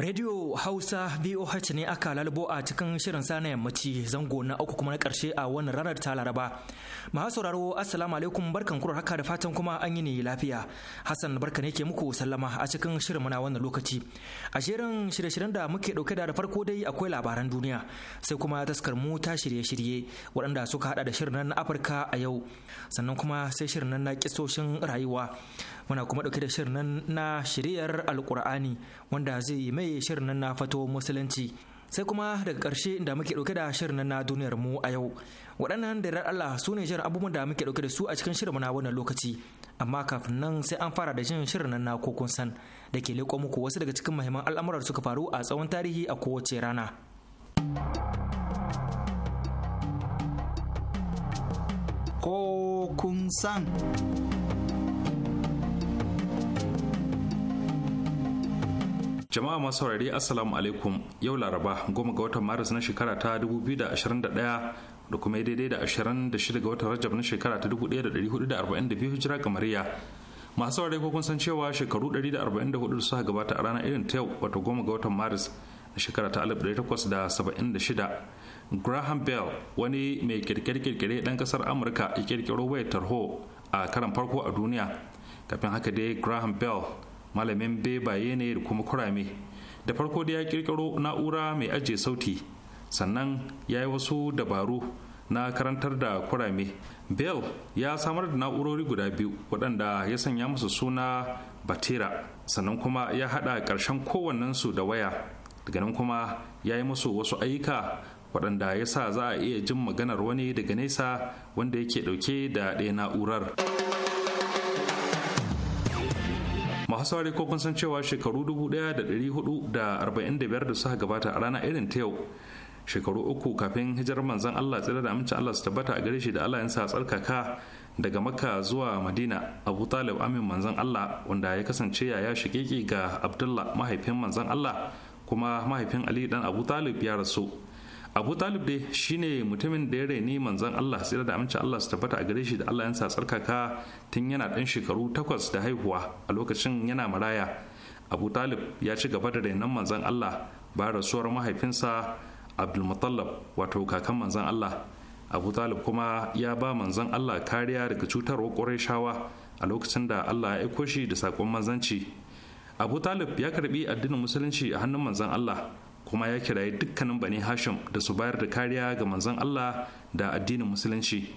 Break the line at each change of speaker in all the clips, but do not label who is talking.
Radio Hausa VOH ne aka lalubo a cikin shirin sa na yammaci zango na uku kuma na karshe a wannan ranar ta Laraba. Masu sauraro Assalamu alaikum barkan kurar haka da fatan kuma an yi ne lafiya. Hassan barka ne ke muku sallama a cikin shirin muna wannan lokaci. A shirin shirye-shiryen da muke dauke da farko dai akwai labaran duniya sai kuma taskar mu ta shirye-shirye waɗanda suka haɗa da shirin na Afirka a yau sannan kuma sai shirin na kisoshin rayuwa muna kuma dauke da shirin nan na shiriyar alkur'ani wanda zai yi mai shirin nan na fato musulunci sai kuma daga karshe da muke dauke da shirin nan na duniyar mu a yau waɗannan da ran Allah su ne shirin abubuwan da muke dauke da su a cikin shirin na wannan lokaci amma kafin nan sai an fara da jin shirin nan na kokun san da ke leƙo muku wasu daga cikin muhimman al'amuran suka faru a tsawon tarihi a kowace rana.
Ko kun san.
Jama'a masu saurari Assalamu alaikum yau Laraba goma ga watan Maris na shekara ta 2021 da kuma daidai da 26 ga watan Rajab na shekara ta 1442 hijira kamariya. Masu saurari ko kun san cewa shekaru 144 da suka gabata a ranar irin ta yau wato goma ga watan Maris na shekara ta 1876. Graham Bell wani mai kirkire-kirkire ɗan ƙasar Amurka ya kirkiro wayar tarho a karan farko a duniya. Kafin haka dai Graham Bell malamin bebaye ne da kuma kurame da farko da ya kirkiro na'ura mai ajiye sauti sannan ya yi wasu dabaru na karantar da kurame bell ya samar da na'urori guda biyu waɗanda ya sanya musu suna batera sannan kuma ya haɗa ƙarshen kowannensu da waya daga nan kuma ya yi musu wasu ayyuka waɗanda ya sa za a iya jin maganar wani daga nesa wanda yake ɗauke da ɗaya na'urar. masu ko kun san cewa shekaru 1445 da suka gabata a rana irin ta yau shekaru uku kafin hijirar manzon Allah tsira da amincin Allah su tabbata a gare shi da Allah yansa tsarkaka daga makka zuwa madina abu talib amin manzon Allah wanda ya kasance yaya shigeki ga abdullah mahaifin manzon Allah kuma mahaifin ali dan abu talib ya rasu abu talib dai shine mutumin da ya raini manzon allah sayar da amince allah su tabbata a gare shi da allah yansa tsarkaka tun yana ɗan shekaru takwas da haihuwa a lokacin yana maraya abu talib ya ci gaba da rainon manzon allah bayan rasuwar mahaifinsa abdulmutallab wato kakan manzon allah abu talib kuma ya ba manzon allah kariya daga cutarwar ƙurashawa a lokacin da allah ya aiko shi da saƙon manzanci abu talib ya karbi addinin musulunci a hannun manzon allah kuma ya kiraye dukkanin bani hashim da su bayar da kariya ga manzon allah da addinin musulunci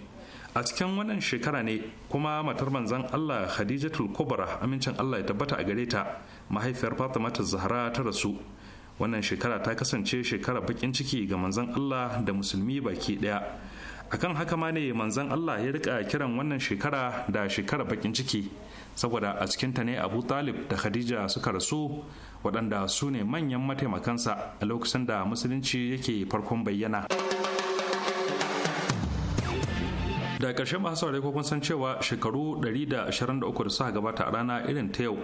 a cikin wannan shekara ne kuma matar manzon allah khadijatul kubra amincin allah ya tabbata a gare ta mahaifiyar fatima ta zahra ta rasu wannan shekara ta kasance shekara bakin ciki ga manzon allah da musulmi baki daya akan haka ma ne manzon allah ya rika kiran wannan shekara da shekara bakin ciki saboda a cikinta ne abu talib da khadija suka rasu waɗanda su ne manyan mataimakansa a lokacin da musulunci yake farkon bayyana da ƙarshen masu saurari ko kun san cewa shekaru 123 da suka gabata a rana irin ta yau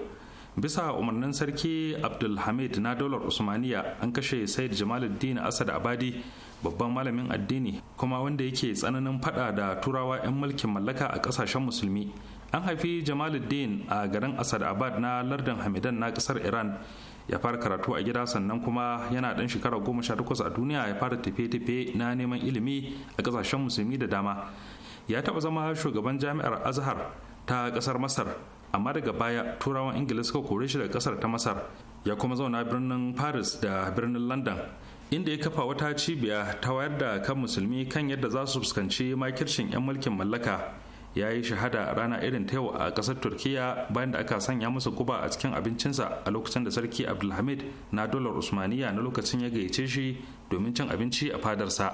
bisa umarnin sarki abdulhamid na daular usmaniya an kashe said jamaluddin asad abadi babban malamin addini kuma wanda yake tsananin fada da turawa 'yan mulkin mallaka a kasashen musulmi an haifi jamaluddin a garin asad abad na lardin hamidan na kasar iran ya fara karatu a gida sannan kuma yana dan shekara goma sha takwas a duniya ya fara tafiye-tafiye na neman ilimi a kasashen musulmi da dama ya taba zama shugaban jami'ar azhar ta ƙasar masar amma daga baya turawan ingila suka kore shi daga ƙasar ta masar ya kuma zauna birnin paris da birnin london inda ya kafa wata cibiya ta wayar da kan musulmi kan yadda za su fuskanci makircin 'yan mulkin mallaka ya yi shahada a rana irin ta a kasar turkiya bayan da aka sanya masa guba a cikin abincinsa a lokacin da sarki abdulhamid na dolar usmaniya na lokacin ya gayyace shi domin cin abinci a fadarsa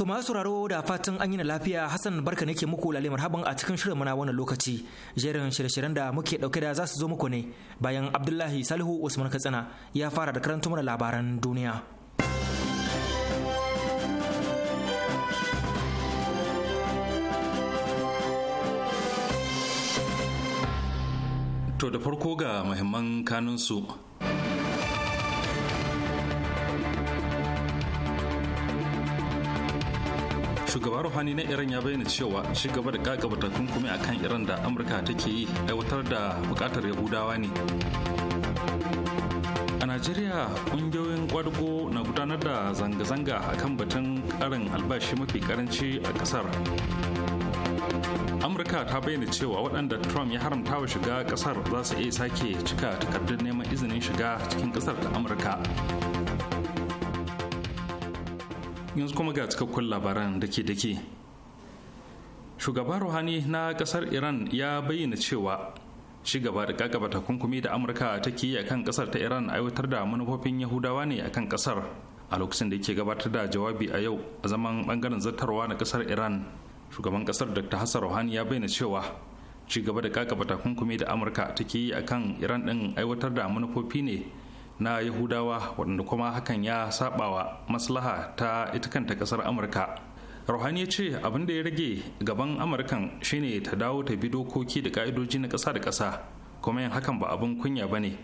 To masu sauraro da fatan an yi na lafiya Hassan barka nake muku lalle marhaban a cikin shirin muna wannan lokaci. Jerin shirye-shiryen da muke dauke da za su zo muku ne bayan Abdullahi Salihu Usman Katsina ya fara da karanta mana labaran duniya.
To da farko ga muhimman kanunsu shugaban ruhani na iran ya bayyana cewa ci gaba da gagaba takunkumi a kan iran da amurka take yi aiwatar da bukatar yahudawa ne a najeriya kungiyoyin kwadugo na gudanar da zanga-zanga a kan batun karin albashi mafi karanci a kasar amurka ta bayyana cewa waɗanda trump ya haramta wa shiga kasar za su iya sake cika takardun neman izinin shiga cikin kasar ta amurka yanzu kuma ga cikakkun labaran da ke dake shugaba ruhani na kasar iran ya bayyana cewa shi gaba da kakaba takunkumi da amurka take yi akan kasar ta iran aiwatar da manufofin yahudawa ne akan kasar a lokacin da yake gabatar da jawabi a yau a zaman bangaren zartarwa na kasar iran shugaban kasar dr hassan ruhani ya bayyana cewa ci gaba da kakaba takunkumi da amurka take yi akan iran din aiwatar da manufofi ne na yahudawa waɗanda kuma hakan ya sabawa maslaha ta ita kanta ƙasar amurka ruhani ya ce abin da ya rage gaban amurkan shine ta dawo ta bi dokoki da ka'idoji na ƙasa da ƙasa kuma yin hakan ba abin kunya ba ne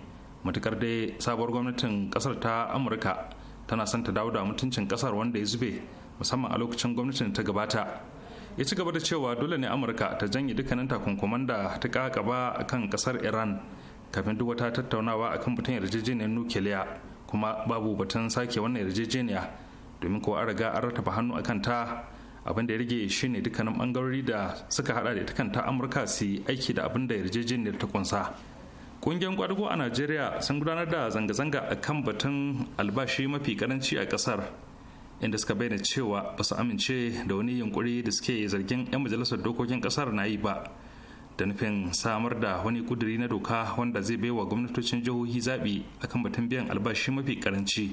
matukar dai sabuwar gwamnatin ƙasar ta amurka tana son ta dawo da mutuncin ƙasar wanda ya zube musamman a lokacin gwamnatin ta gabata ya ci gaba da cewa dole ne amurka ta janye dukkanin takunkuman da ta kakaba kan ƙasar iran kafin duk wata tattaunawa akan batun yarjejeniyar nukiliya kuma babu batun sake wannan yarjejeniya domin kuwa an riga an rataba hannu akan ta abin da ya rage shi ne dukkanin bangarori da suka hada da ita kanta amurka su aiki da abin da yarjejeniyar ta kunsa kungiyar kwadugo a najeriya sun gudanar da zanga-zanga a kan batun albashi mafi karanci a kasar inda suka bayyana cewa ba su amince da wani yunkuri da suke zargin 'yan majalisar dokokin kasar na yi ba da nufin samar da wani kuduri na doka wanda zai baiwa gwamnatocin jihohi zaɓi akan batun biyan albashi mafi karanci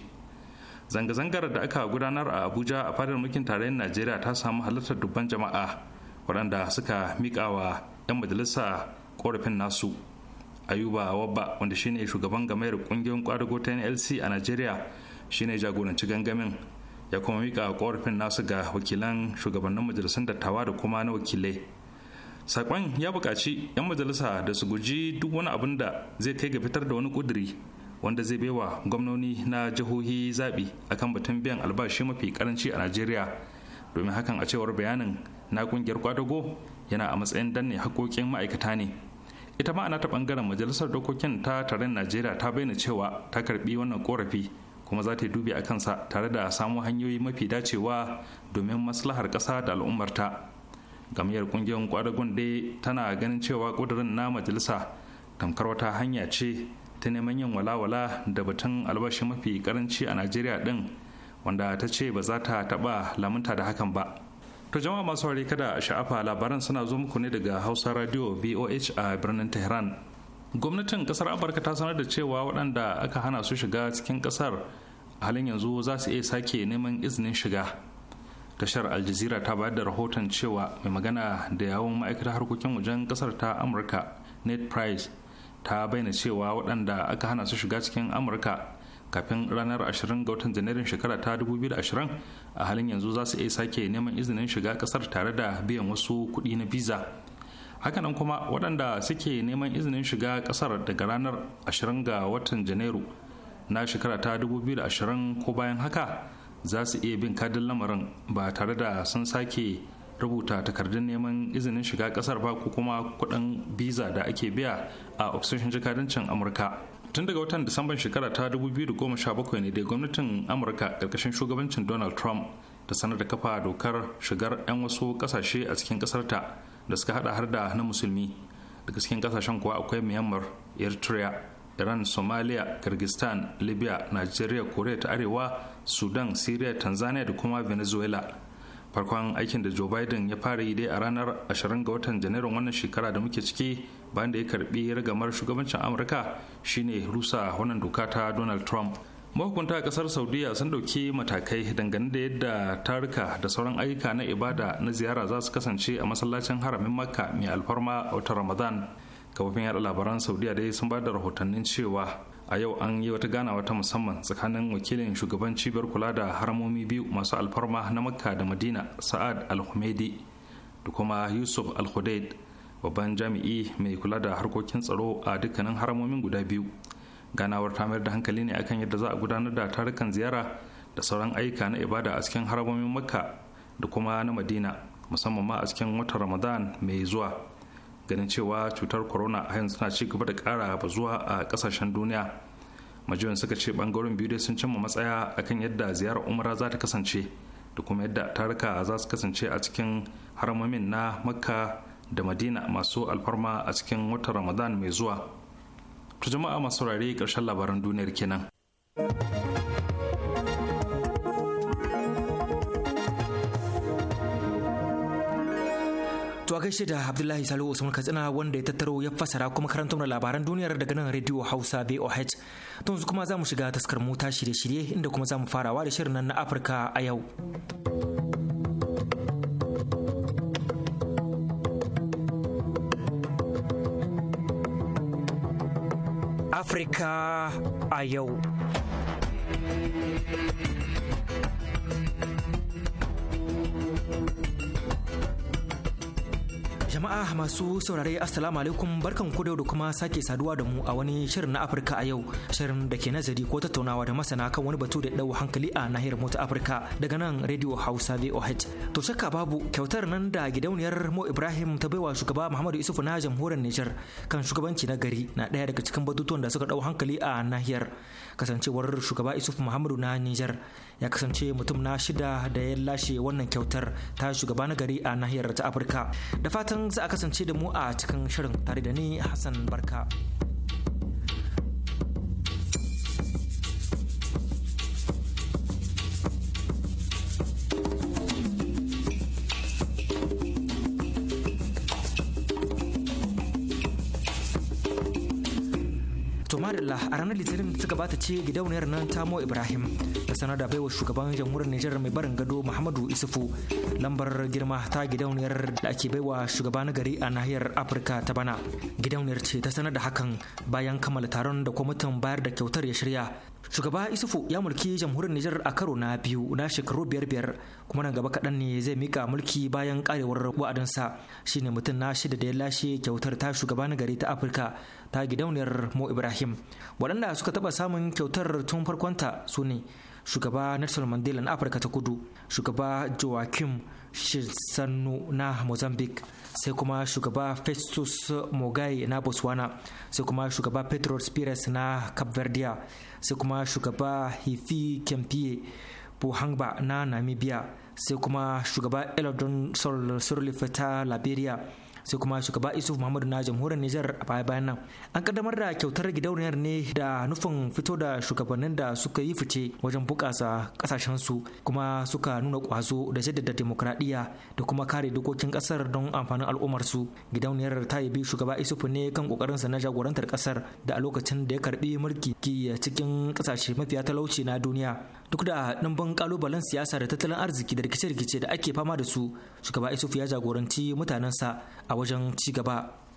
zanga-zangar da aka gudanar a abuja a fadar mulkin tarayyar najeriya ta samu halartar dubban jama'a waɗanda suka miƙa wa 'yan majalisa korafin nasu ayuba wabba wanda shine shugaban gamayar ƙungiyar kwadago ta nlc a najeriya shine jagoranci gangamin ya kuma miƙa ƙorafin nasu ga wakilan shugabannin majalisun dattawa da kuma na wakilai sakon ya buƙaci 'yan majalisa da su guji duk wani abin da zai kai ga fitar da wani ƙuduri wanda zai baiwa gwamnoni na jihohi zaɓi akan batun biyan albashi mafi karanci a najeriya domin hakan a cewar bayanin na ƙungiyar kwadago yana a matsayin danne haƙoƙin ma'aikata ne ita ma ana ta ɓangaren majalisar dokokin ta taron najeriya ta bayyana cewa ta karɓi wannan ƙorafi kuma za ta yi dubi a kansa tare da samun hanyoyi mafi dacewa domin maslahar ƙasa da al'ummarta gamayyar kungiyar kwadagun dai tana ganin cewa kudurin na majalisa tamkar wata hanya ce ta neman yin walawala da batun albashi mafi karanci a najeriya din wanda ta ce ba za ta taba lamunta da hakan ba to jama'a masu wari kada sha'afa labaran suna zo muku ne daga hausa radio voh a birnin tehran gwamnatin kasar amurka ta sanar da cewa waɗanda aka hana su shiga cikin kasar halin yanzu za su iya sake neman izinin shiga tashar aljazira ta bayar da rahoton cewa mai magana da yawon ma'aikatar harkokin wajen kasar ta amurka net price ta bayyana cewa waɗanda aka hana su shiga cikin amurka kafin ranar 20 ga watan janairun shekara ta 2020 a halin yanzu za su iya sake neman izinin shiga kasar tare da biyan wasu kuɗi na visa hakanan kuma waɗanda suke neman izinin shiga kasar daga ranar 20 ga watan janairu na shekara ta 2020 ko bayan haka za su iya bin kadin lamarin ba tare da sun sake rubuta takardun neman izinin shiga kasar ba ko kuma kuɗin biza da ake biya a ofisoshin jikadancin amurka tun daga watan disamban shekara ta 2017 ne da gwamnatin amurka karkashin shugabancin donald trump ta sanar da kafa dokar shigar 'yan wasu kasashe a cikin kasarta da suka hada har da na musulmi daga cikin kasashen kuwa akwai myanmar eritrea iran somalia kyrgyzstan libya nigeria korea ta arewa sudan syria tanzania da kuma venezuela farkon aikin da joe biden ya fara yi dai a ranar 20 ga watan janairun wannan shekara da muke ciki bayan da ya karbi ragamar shugabancin amurka shine rusa wannan doka ta donald trump mahukunta a kasar saudiya sun dauki matakai dangane da yadda tarika da sauran ayyuka na ibada na ziyara za su kasance a masallacin haramin makka mai alfarma a watan ramadan kafofin yada labaran saudiya dai sun ba da rahotannin cewa a yau an yi wata ganawa ta musamman tsakanin wakilin shugaban cibiyar kula da haramomi biyu masu alfarma na makka da madina sa'ad al-humaidi da kuma yusuf al-hudaid babban jami'i mai kula da harkokin tsaro a dukkanin haramomin guda biyu ganawar ta mayar da hankali ne akan yadda za a gudanar da tarukan ziyara da sauran ayyuka na ibada a cikin haramomin makka da kuma na madina musamman ma a cikin watan ramadan mai zuwa ganin cewa cutar corona a yanzu tana ci gaba da ƙara bazuwa a kasashen duniya majiyoyin suka ce ɓangaren biyu dai sun cimma matsaya akan yadda ziyarar umara za ta kasance da kuma yadda taruka za su kasance a cikin haramomin na makka da madina masu alfarma a cikin watan ramadan mai zuwa to jama'a masu saurare ƙarshen labaran duniyar kenan.
To a gaishe da Abdullahi Salihu Usman Katsina wanda ya tattaro ya fassara kuma karanta mana labaran duniya daga nan Radio Hausa VOH. To yanzu kuma za mu shiga taskar mota shirye-shirye inda kuma za mu farawa da shirin nan na Afirka a yau. Afirka a yau. Jama'a masu saurare Assalamu alaikum barkan ku da kuma sake saduwa da mu a wani shirin na Afirka a yau shirin da ke nazari ko tattaunawa da masana kan wani batu da ya dau hankali a nahiyar mota ta Afirka daga nan Radio Hausa VOH. To shakka babu kyautar nan da gidauniyar Mo Ibrahim ta baiwa shugaba Muhammadu Isufu na jamhuriyar Nijar kan shugabanci na gari na daya daga cikin batutuwan da suka dau hankali a nahiyar kasancewar shugaba Isufu Muhammadu na Nijar ya kasance mutum na shida da ya lashe wannan kyautar ta shugaba na gari a nahiyar ta Afirka. Da fatan za a kasance da mu a cikin shirin tare da ni Hassan Barka. madalla a ranar litinin da ta gabata ce gidauniyar nan tamo ibrahim ta sanar da baiwa shugaban jamhuriyar nijar mai barin gado muhammadu isufu lambar girma ta gidauniyar da ake baiwa shugaba na gari a nahiyar afirka ta bana gidauniyar ce ta sanar da hakan bayan kammala taron da kwamitin bayar da kyautar ya shirya shugaba isufu ya mulki jamhuriyar nijar a karo na biyu na shekaru biyar biyar kuma nan gaba kaɗan ne zai mika mulki bayan karewar wa'adinsa shine mutum na shida da ya lashe kyautar ta shugaba na gari ta afirka ta gidauniyar mo ibrahim waɗanda suka taɓa samun kyautar tun farkonta su ne shugaba nelson mandela na afirka ta kudu shugaba joaquim Shinsanu na mozambique sai kuma shugaba festus mogai na botswana sai kuma shugaba pedro spires na Cape Verde, sai kuma shugaba hifi kempie buhangba na namibia sai kuma shugaba elodon sol ta liberia sai kuma shugaba Isuf Muhammadu na jamhuriyar Nijar a baya bayan nan an kaddamar da kyautar gidauniyar ne da nufin fito da shugabannin da suka yi fice wajen bukasa kasashen su kuma suka nuna kwazo da jaddada demokradiyya da kuma kare dokokin kasar don amfanin al'ummar su gidauniyar ta shugaba Isuf ne kan kokarin sa na jagorantar kasar da a lokacin da ya karbi mulki cikin kasashe mafiya talauci na duniya duk da ɗimbin kalubalen siyasa da tattalin arziki da rikice-rikice da ake fama da su shugaba isufu ya jagoranci mutanensa a wajen ci gaba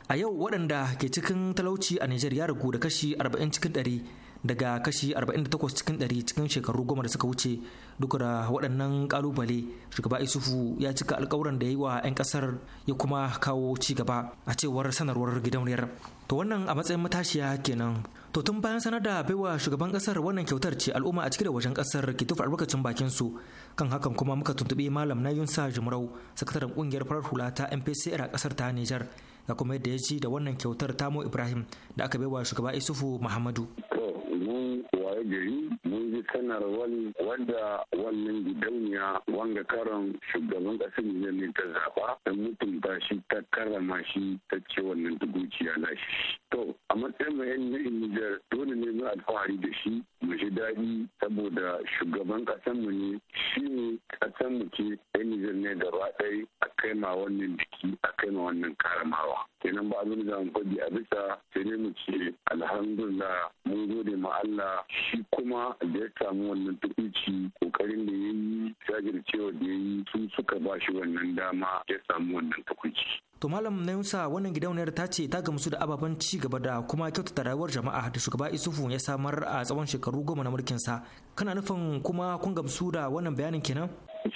a yau waɗanda ke cikin talauci a nijar ya ragu da kashi 40 cikin 100 daga kashi 48 cikin 100 cikin shekaru goma da suka wuce duk da waɗannan kalubale shugaba isufu ya cika alkawuran da ya yi wa 'yan ƙasar ya kuma kawo ci gaba a cewar sanarwar gidauniyar to wannan a matsayin matashiya kenan To tun bayan sanar da baiwa shugaban kasar wannan kyautar ce al'umma a cikin wajen kasar ke tufa albarkacin bakin su kan hakan kuma muka tuntubi malam na Yunsa Jumrau sakataren kungiyar farar hula ta MPCR a kasar ta Nijar ga kuma yadda ya ji da wannan kyautar Tamo Ibrahim da aka baiwa shugaba Isufu Muhammadu.
waye gari mun ji sanarwar wanda wannan gidauniya wanga karon shugaban kasar ne ne ta zaba da ba shi ta karrama shi ta ce wannan dubuciya na shi. To a matsayin mai yan Nijar dole ne mu alfahari da shi ji daɗi saboda shugaban ƙasanmu ne shi ne ƙasanmu ke yan Nijar ne gaba ɗaya a kai ma wannan biki a kai ma wannan karamawa. Kenan ba abin da mu a bisa sai dai mu ce alhamdulillah mun gode ma Allah shi kuma da ya samu wannan tukuci kokarin da ya yi jajircewa da ya yi sun suka ba shi wannan dama ya samu wannan tukuci.
To Malam Nayusa wannan gidauniyar ta ce ta gamsu da ababen ci gaba da kuma kyautata rayuwar jama'a da shugaba Isufu ya samar a tsawon shekaru goma na mulkinsa. Kana nufin kuma kun gamsu da wannan bayanin kenan?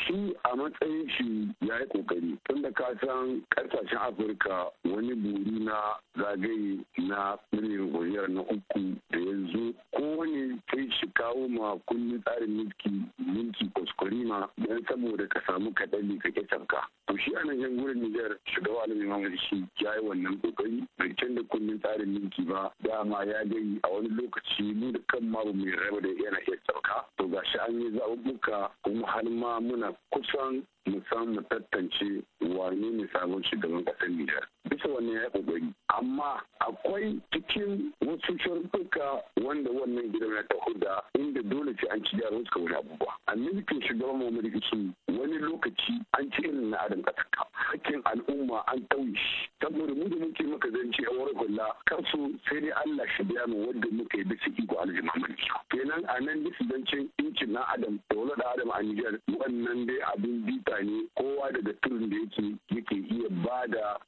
shi a matsayin shi ya yi kokari da ka san kasashen afirka wani buri na zagaye na miliyan kuriyar na uku da yanzu kowane sai shi kawo ma kunni tsarin mulki mulki kuskurima don saboda ka samu kaɗan ka ke canka to shi a nan gurin nijar shugaba alamin mamadu shi ya yi wannan kokari bai canza kunnen tsarin mulki ba dama ya gani a wani lokaci mu da kan ma mai raba da yana iya sauka to gashi an yi zaɓuɓɓuka kuma har ma muna mana kusan mu samu mu tantance wane ne sabon shugaban kasar Nijar. Bisa wannan ya kokari. Amma akwai cikin wasu sharuɗuka wanda wannan gidan ya taho da inda dole ce an ci da wasu kawai abubuwa. A mulkin shugaban Muhammadu rikici wani lokaci an ci irin na adam ƙasarka. Hakkin al'umma an tauye shi. Saboda mu da muke maka zance a wurin kula kar su sai dai Allah shi biya mu wanda muka yi bisa iko alhaji Muhammadu Kenan a nan bisa zancen incin na adam da wani da adam a Nijar wannan dai abin bita mutane kowa daga turin da yake yake iya ba da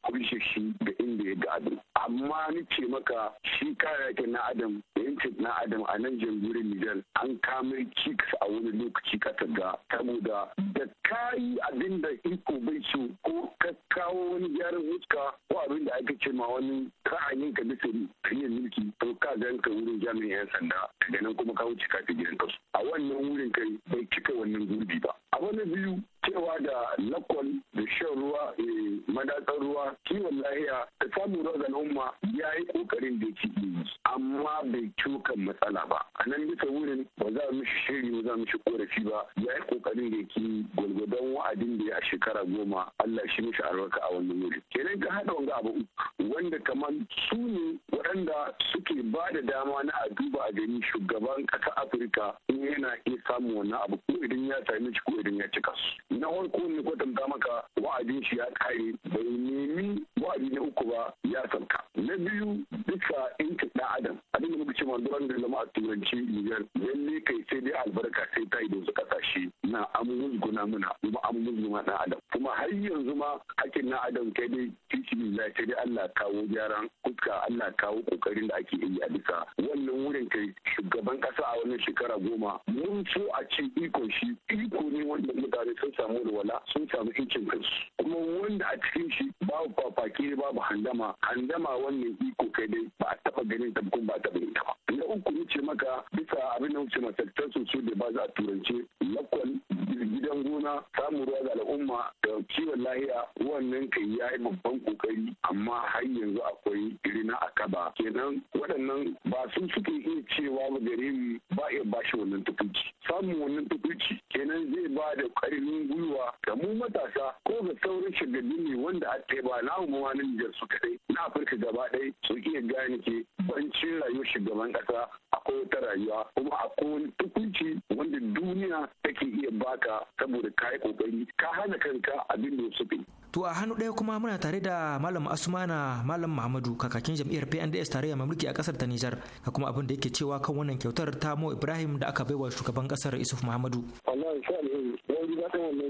shi da inda ya gado amma ni ce maka shi kayayyakin na adam da yancin na adam a nan jamhuriyar Nijar an kama cikas a wani lokaci ka ga saboda da kayi abin da iko bai so ko ka kawo wani gyaran wuska ko abin da aka ce ma wani ra'ayin ka bisa hanyar mulki to ka gan ka wurin jami'in 'yan sanda daga nan kuma ka wuce ka gidan kasu a wannan wurin kai bai cika wannan gurbi ba wani biyu cewa da lakwal da shan ruwa eh, madatsar ruwa kiwon lahiya da samun ruwa al'umma ya yi kokarin da yake yi amma bai cukan matsala ba a nan bisa wurin ba za mu shi shiri ba za mu shi korafi ba ya yi kokarin da yake gwalgwadon wa'adin da ya shekara goma Allah shi mishi albarka a wannan wuri kenan ka haɗa wanga abu wanda kamar su ne waɗanda suke ba da dama na a duba a gani shugaban ƙasa Afirka in yana iya samun wannan abu ko idan ya sami shi ko idan mutum ya cika su na farko ne tamta maka wa'adin shi ya kare bai nemi wa'adi na uku ba ya sauka na biyu in inci da adam abin da muka ce duran da zama a turanci niger lalle kai sai dai albarka sai ta yi da wasu kasashe na guna muna kuma amuzguna na adam kuma har yanzu ma hakin na adam kai dai titi da sai dai Allah kawo gyaran kuka Allah kawo kokarin da ake yi a bisa wannan wurin kai shugaban kasa a wannan shekara goma mun so a ce iko shi iko ne wanda mutane sun samu walwala sun samu incin kansu kuma wanda a cikin shi babu fafaki ne babu handama handama wannan iko kai dai ba a taba ganin ta kuma ba a taba ta ba na uku ni ce maka bisa abin da wuce masarautar su da ba za a turance lakwal gidan gona samun ruwa ga al'umma da kiwon lahiya wannan kai ya yi babban kokari amma har yanzu akwai na a kaba kenan waɗannan ba sun suke iya cewa ba gare mu ba iya bashi wannan tukunci samun wannan tukunci kenan zai ba ba da ƙarfin gwiwa ga mu matasa ko ga saurin shagabi ne wanda a ba na hukuma na Nijar su kaɗai na Afirka gaba ɗaya su iya gane ke bancin rayuwar shugaban ƙasa akwai wata rayuwa kuma akwai wani tukunci wanda
duniya take iya baka saboda ka yi ƙoƙari ka hana kanka abin da su To a hannu ɗaya kuma muna tare da Malam Asumana Malam Muhammadu kakakin jam'iyyar PNDS tare mai mulki a ƙasar ta Nijar kuma abin da yake cewa kan wannan kyautar ta Mo Ibrahim da aka baiwa shugaban ƙasar Isuf Muhammadu.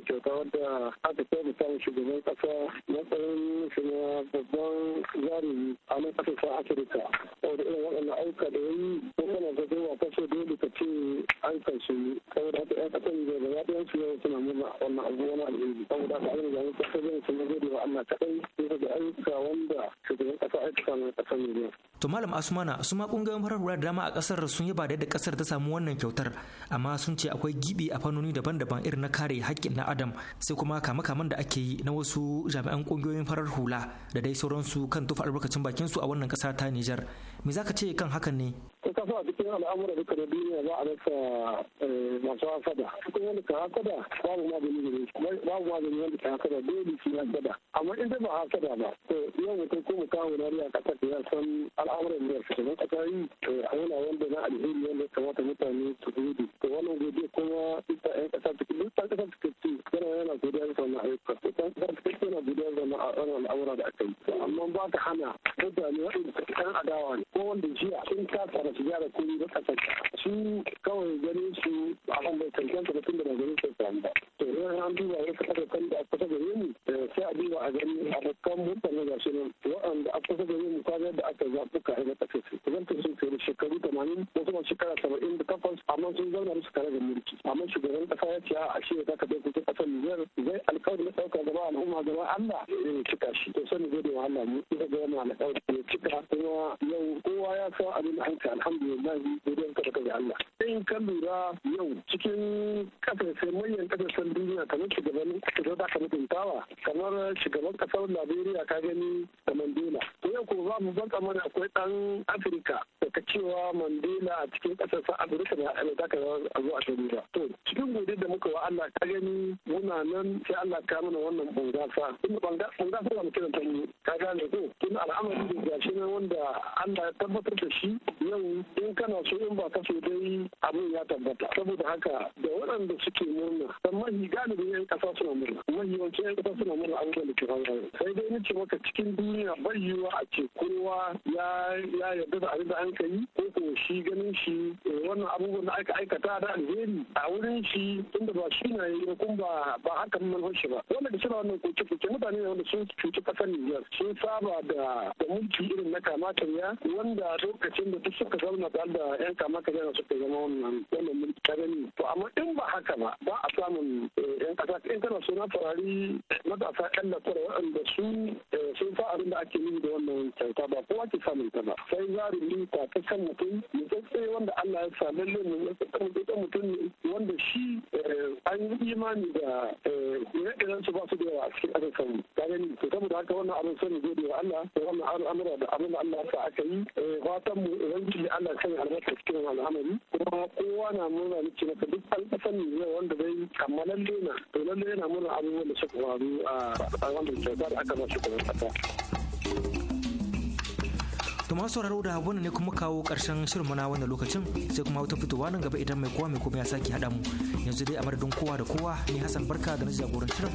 kyauta wadda aka kai musamman shugaban kasa matsayin shi na babban zarumi a nan kasashen afirka saboda irin waɗannan ayyuka da yayi ko kana da zuwa kaso dole ka ce an kan su saboda haka ya kasan da gaba ɗayan su yau suna murna wannan abu wani alheri saboda haka an zama kasa zai su na gode wa Allah kaɗai sai
da ayyuka wanda shugaban kasa ayyuka na kasan ne. To Malam Asmana su ma ƙungiyoyin farar da dama a ƙasar sun yaba da yadda ƙasar ta samu wannan kyautar amma sun ce akwai gibi a fannoni daban-daban irin na kare haƙƙin na adam sai kuma kama-kaman da ake yi na wasu jami'an kungiyoyin farar hula da dai sauransu kan tufa albarkacin bakin su a wannan kasa ta Nijar me zaka ce kan hakan ne
kafa cikin al'amura duka da duniya za a rasa masu hasada cikin wanda ka hasada babu magani gare shi babu magani wanda ka hasada dole shi hasada amma in ba hasada ba to yau mutum ko mu kawo na riya kasar da ya san al'amuran da su kuma kasa yi to yana wanda na alheri wanda ya kamata mutane su gode to wannan godiya kuma ita ƴan kasa cikin duk ɗan kasa cikin ci yana yana godiya da wannan ayyuka to ɗan kasa cikin yana godiya da wannan al'amura da aka yi amma ba ta hana mutane waɗanda ɗan adawa ne ko wanda jiya sun kasa ba su gyara kuri ba kasar su kawai gare su abin bai cancanta mutum da ba gare su ba to idan an duba ya kan da a kusa gare mu eh, sai a duba a gani a bakkan mutane ga shi a kusa gare mu ta da aka zaɓuka a ƙasar su idan ta sun kai shekaru tamanin wasu ma shekara saba'in da amma sun zauna musu kare da mulki amma shugaban ƙasa ya ce a shi za ka bai kuka ƙasar Nijar zai alƙawari na ɗauka gaba al'umma gaba Allah zai cika shi to sani gode wa Allah mu ga yana alƙawari ya cika kuma yau kowa ya san abin da an alhamdulillah godiya ka daga Allah in ka lura yau cikin kasashe manyan kasashen duniya kamar shugaban kasar da aka mutuntawa kamar shugaban kasar Liberia ka gani da Mandela. To yau ko za mu ban kamar akwai dan Afirka ka cewa Mandela a cikin kasashen Afirka da haɗa da a zo a duniya. To cikin gode da muka wa Allah ka gani muna nan sai Allah ka mana wannan bangasa. Tunda bangasa ba mu kira ta ka gane ko tun al'amari da gashi ne wanda Allah ya tabbatar da shi yau in kana so in ba ka so dai abin ya tabbata saboda haka da waɗanda suke murna dan mahi da yan ƙasa suna murna mahi wancan yan ƙasa suna murna wajen da ke faruwa sai dai nace maka cikin duniya bai yiwuwa a ce kowa ya ya yarda da abin da an kai ko ko shi ganin shi eh, wannan abubuwan da aka aikata da alheri a wurin shi tunda ba shi na yi kun ba ba haka mun shi ba wanda da suna wannan kuce kuce mutane ne wanda sun cuci ƙasar Niger sun saba da da mulki irin na kamata ya wanda lokacin da duk suka zauna da 'yan kama karya suka zama wannan karami to amma in ba haka ba ba a samun eh, yan kasa in kana suna farari matasa kalla kura waɗanda su eh, sun abin da ake yi da wannan kyauta ba kowa ke samun ta ba sai zarumi ta ta kan mutum mutsatse wanda Allah ya sa lalle mu mutum wanda shi eh, an yi imani da ire-iren su ba su da yawa a cikin ƙasashen ka gani to saboda haka wannan abin sani gode wa Allah da wannan al'amura da abin da Allah ya sa aka yi fatan mu ubangiji Allah kan albarka cikin al'amari kuma kuma kowa na murna nake maka duk ɗan ne wanda zai kammala lena to lalle yana murna abubuwan da suka faru a wannan da aka ba shi kuma ƙasa.
To masu sauraro da wannan ne kuma kawo karshen shirin mana wannan lokacin sai kuma wata fitowa nan gaba idan mai kowa mai kuma ya sake haɗa mu yanzu dai a madadin kowa da kowa ne Hassan Barka da na jagorancin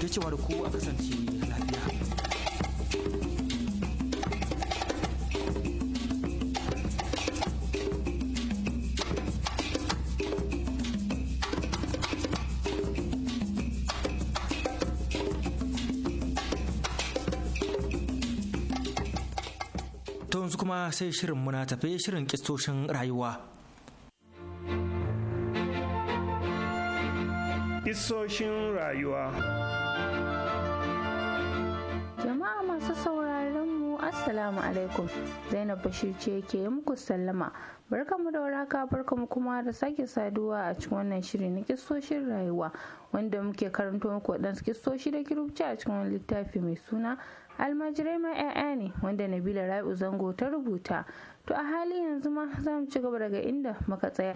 ke cewa da kowa a kasance lafiya. sai shirin muna tafe shirin kistoshin rayuwa.
Kistoshin rayuwa.
Jama'a masu sauraron mu Assalamu alaikum Zainab Bashir ce ke muku sallama. Barkamu da waraka barkamu kuma da sake saduwa a cikin wannan shiri na kistoshin rayuwa wanda muke karanto muku waɗansu kistoshi da kirubci a cikin wani littafi mai suna almajirai ma 'ya'ya ne wanda nabila rai'u zango ta rubuta to a hali yanzu ma za mu ci gaba daga inda muka tsaya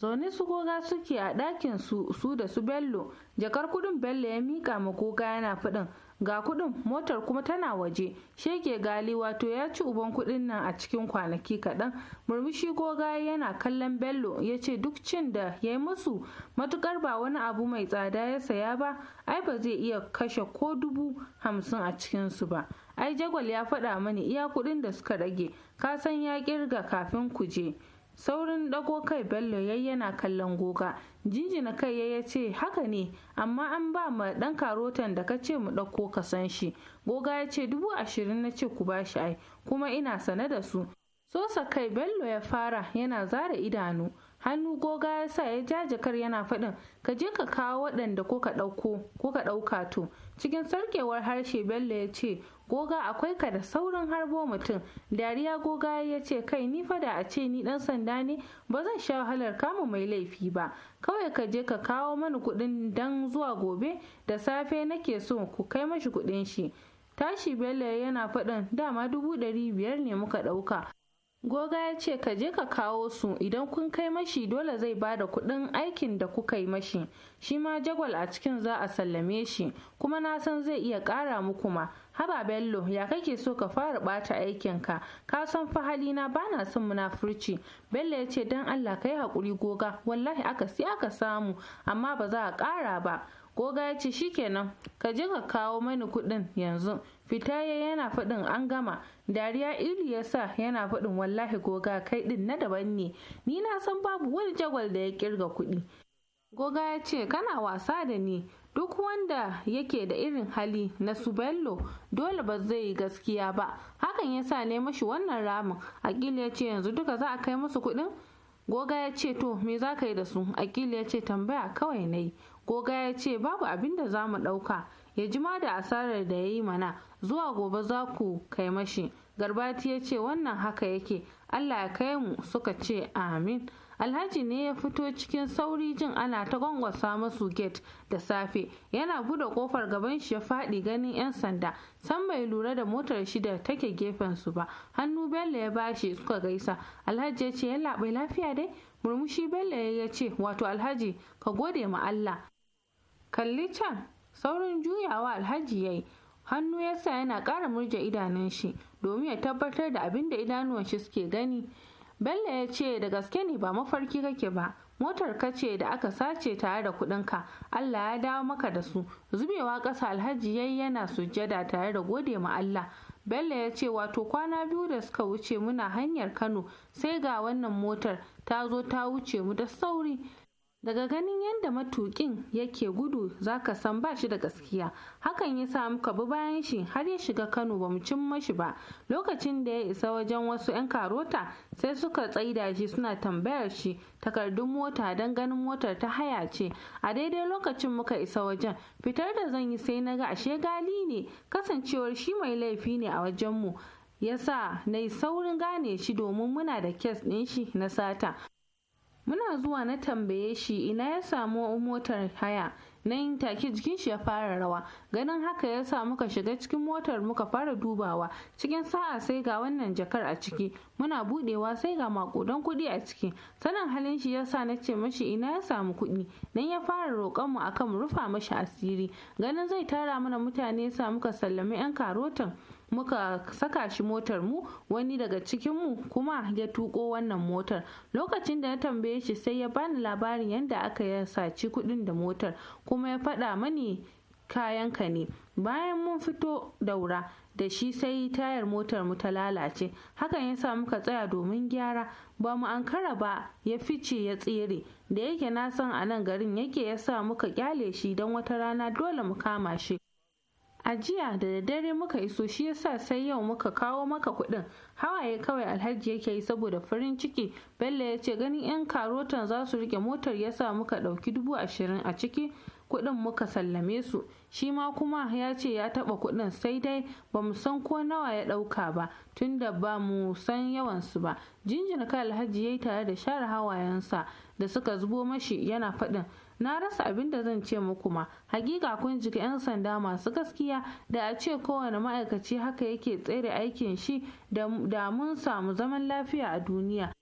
zaune su goga suke a ɗakin su su da su bello jakar kudin bello ya mika ma goga yana faɗin ga kuɗin motar kuma tana waje shege gali wato ya ci uban kuɗin nan a cikin kwanaki kaɗan murmushi goga yana kallon bello ya ce duk cin da ya yi musu matukar ba wani abu mai tsada ya saya ba ai ba zai iya kashe ko dubu hamsin a cikinsu ba ai jagwal ya faɗa mani iya kuɗin da suka rage ka san ya kirga kafin ku je saurin ɗago kai bello yayi yana kallon goga jinjina kai ya ce haka ne amma an ba ma dan karotan da ka ce mu ɗauko ka san shi goga ya ce dubu ashirin na ce ku bashi ai kuma ina sane da su sosa kai bello ya fara yana zara idanu hannu goga ya sa ya jajakar yana faɗin ka je ka kawo waɗanda ko ka ɗauko ko ka ɗauka to cikin sarkewar harshe bello ya ce goga akwai ka da saurin harbo mutum dariya goga ya ce kai ni fada a ce ni dan sanda ne ba zan sha wahalar kama mai laifi ba kawai ka je ka kawo mani kuɗin dan zuwa gobe da safe nake so ku kai mashi kuɗin shi tashi bello yana faɗin dama dubu ɗari biyar ne muka ɗauka goga ya ce ka je ka kawo su idan kun kai mashi dole zai ba da kuɗin aikin da kuka yi mashi shi ma jagwal a cikin za a sallame shi kuma na san zai iya ƙara muku ma haba bello ya kake so ka fara ɓata aikinka ka san fa halina ba na son munafurci bello ya ce don allah ka yi haƙuri goga wallahi aka si aka samu amma ba za a ƙara ba goga ya ce shikenan ka je ka kawo mani kuɗin yanzu fita yana faɗin an gama dariya ilu ya sa yana faɗin wallahi goga kai ɗin na daban ne ni na san babu wani jagwal da ya kirga kuɗi goga ya ce kana wasa da ni duk wanda yake da irin hali na su bello dole ba zai yi gaskiya ba hakan ya sa ne mashi wannan ramin akili ya ce yanzu duka za a kai musu kuɗin goga ya ce to me za ka yi da su akili ya ce tambaya kawai na yi goga ya ce babu abin da za mu ɗauka ya jima da asarar da ya yi mana zuwa gobe za ku kai mashi garbati ya ce wannan haka yake allah ya kai mu suka ce amin alhaji ne ya fito cikin sauri jin ana ta gwangwasa masu gate da safe yana bude kofar gaban shi ya faɗi ganin 'yan sanda san bai lura da motar shi da take gefen su ba hannu bello ya bashi suka gaisa alhaji ya ce yana bai lafiya dai murmushi bello ya ce wato alhaji ka gode ma allah kalli can saurin juyawa alhaji ya yi hannu ya sa yana ƙara murje idanun shi domin ya tabbatar da abin da idanuwan shi suke gani bello ya ce da gaske ne ba mafarki kake ba motar ka ce da aka sace tare da kuɗinka allah ya dawo maka da su zubewa ƙasa alhaji yayi yana sujjada tare da gode ma allah bello ya ce wato kwana biyu da suka wuce muna hanyar kano sai ga wannan motar ta zo ta wuce mu da sauri daga ganin yadda matukin yake gudu za ka san ba shi da gaskiya hakan ya sa muka bi bayan shi har ya shiga kano ba mu cin mashi ba lokacin da ya isa wajen wasu 'yan karota sai suka tsaida shi suna tambayar shi takardun mota don ganin motar ta haya ce a daidai lokacin muka isa wajen fitar da zan yi sai na ga ashe gali ne kasancewar shi mai laifi ne a wajen wajenmu sa na yi saurin gane shi domin muna da kes ɗin shi na sata muna zuwa na tambaye shi ina ya samu motar haya na yin take jikin shi ya fara rawa ganin haka ya sa muka shiga cikin motar muka fara dubawa cikin sa'a sai ga wannan jakar a ciki muna budewa sai ga makudan kuɗi a ciki sanin halin shi ya sa na ce mashi ina ya samu kuɗi nan ya fara roƙon mu akan rufa mashi asiri ganin zai tara mana mutane sa muka sallami yan karotin muka saka shi motar mu wani daga cikin mu kuma ya tuko wannan motar lokacin da na tambaye shi sai ya bani labarin yadda aka ya saci kuɗin da motar kuma ya faɗa mani kayan ka ne bayan mun fito daura da shi sai tayar motar mu ta lalace hakan ya sa muka tsaya domin gyara ba mu ankara ba ya fice ya tsere da yake na san a nan garin yake ya sa muka kyale shi don wata rana dole mu kama shi a jiya da dare muka iso shi yasa sai yau muka kawo maka kuɗin hawaye kawai alhaji yake yi saboda farin ciki bello ya ce ganin yan karotan za su rike motar yasa muka ɗauki dubu ashirin a ciki kuɗin muka sallame su shi ma kuma ya ce ya taɓa kuɗin sai dai ba mu san ko nawa ya ɗauka ba tunda ba mu san yawansu ba jinjina kai alhaji ya yi tare da share hawayensa da suka zubo mashi yana faɗin na rasa abin da zan ce muku ma hakika kun jika 'yan sanda masu gaskiya da a ce kowane ma'aikaci haka yake tsere aikin shi da mun samu zaman lafiya a duniya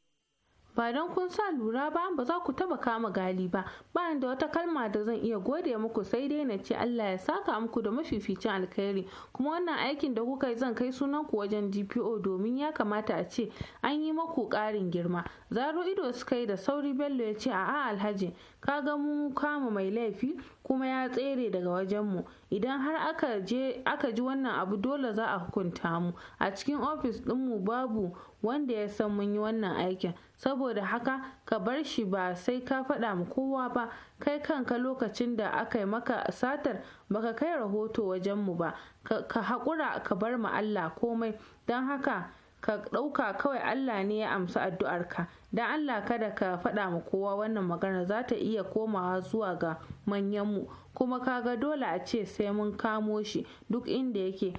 ba don kun sa lura ba ba za ku taba kama gali ba ba da wata kalma da zan iya gode muku sai dai na ce Allah ya saka muku da mafificin alkhairi kuma wannan aikin da kuka yi zan kai sunan ku wajen GPO domin ya kamata a ce an yi maku ƙarin girma zaro ido suka yi da sauri bello ya ce a'a alhaji ka ga mu kama mai laifi kuma ya tsere daga wajen mu idan har aka aka ji wannan abu dole za a hukunta mu a cikin ofis ɗinmu babu wanda ya san mun yi wannan aikin saboda haka ka bar shi ba sai ka faɗa mu kowa ba kai kanka lokacin da aka yi maka satar baka kai rahoto wajen mu ba ka haƙura ka bar mu Allah komai don haka ka ɗauka kawai Allah ne ya amsa addu'arka don Allah kada ka faɗa mu kowa wannan magana za ta iya komawa zuwa ga manyanmu kuma kaga dole a ce sai mun kamo shi duk inda yake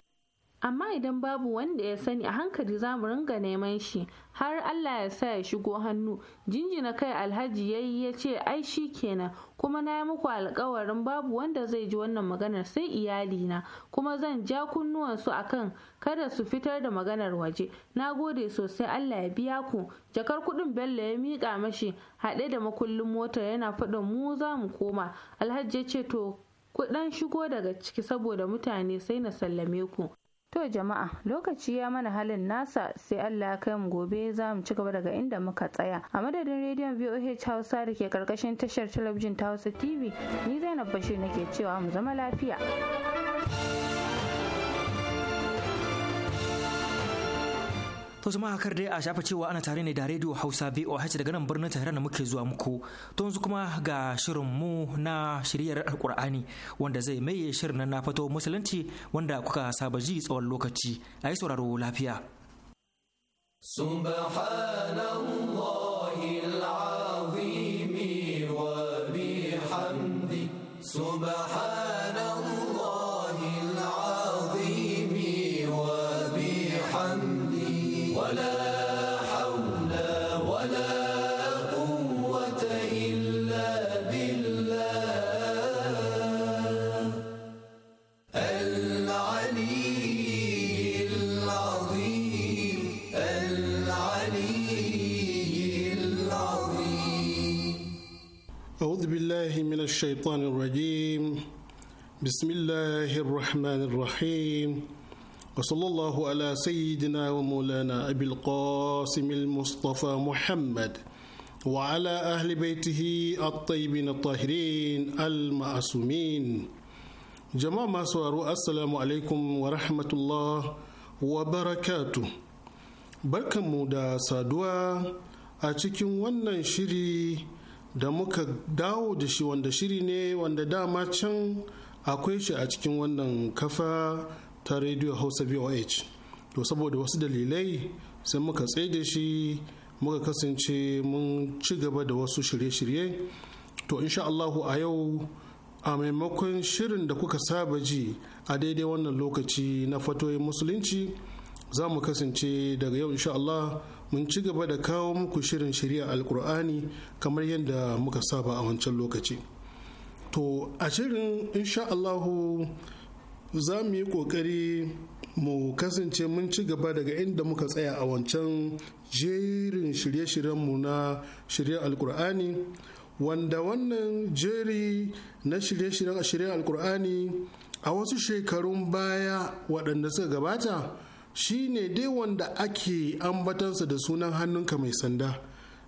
amma idan babu wanda ya sani a hankali za mu ringa neman shi har Allah ya sa ya shigo hannu jinjina kai alhaji yayi ya ce ai shi kenan kuma na yi muku alkawarin babu wanda zai ji wannan maganar sai iyalina kuma zan ja kunnuwansu kan kada su fitar da maganar waje na gode sosai Allah ya biya ku jakar kuɗin bello ya miƙa mashi haɗe da makullin motar yana faɗin mu za mu koma alhaji ya ce to ku shigo daga ciki saboda mutane sai na sallame ku To jama'a lokaci ya mana halin nasa sai Allah ya kai mu gobe za mu ci gaba daga inda muka tsaya. A madadin rediyon VOH Hausa da ke karkashin tashar talabijin ta Hausa TV ni Zainab Bashir nake cewa mu zama lafiya.
To jama'a kar dai a shafa cewa ana tare ne da Radio Hausa BOH daga nan birnin Tehran da muke zuwa muku. To yanzu kuma ga shirin mu na shiryar Alkur'ani wanda zai maye shirin na fato musulunci wanda kuka saba ji tsawon lokaci. A yi sauraro lafiya.
Subhanallah
الشيطان الرجيم بسم الله الرحمن الرحيم وصلى الله على سيدنا ومولانا أبي القاسم المصطفى محمد وعلى أهل بيته الطيبين الطاهرين المعصومين جماعة مسوار السلام عليكم ورحمة الله وبركاته بركة مودة سادوة أتكم وننشري da muka dawo da shi wanda shiri ne wanda dama can akwai shi a cikin wannan kafa ta radio hausa voh to saboda wasu dalilai sai muka tsaye shi muka kasance mun ci gaba da wasu shirye-shirye to insha Allahu a yau a maimakon shirin da kuka saba ji a daidai wannan lokaci na fatoyin musulunci za mu kasance daga yau insha Allah mun ci gaba da kawo muku shirin shari'a alkur'ani kamar yadda muka saba a wancan lokaci to a shirin insha Allah za mu yi kokari mu kasance mun ci gaba daga inda muka tsaya a wancan jerin shirye-shiryenmu na shirya alkur'ani wanda wannan jeri na shirye-shiryen shirya alkur'ani a wasu shekarun baya waɗanda suka gabata shi ne dai wanda ake ambatansa da sunan hannunka mai sanda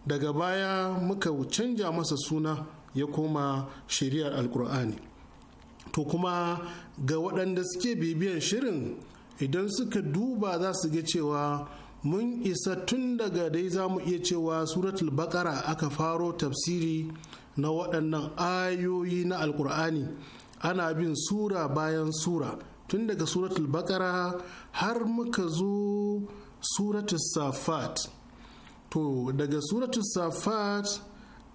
daga baya muka canja masa suna ya koma shari'ar alkur'ani to kuma ga waɗanda suke bibiyan shirin idan suka duba za su ga cewa mun isa tun daga dai za mu iya cewa suratul bakara aka faro tafsiri na waɗannan ayoyi na alkur'ani ana bin sura bayan sura tun daga suratul bakara har muka zo suratul safat to daga suratul safat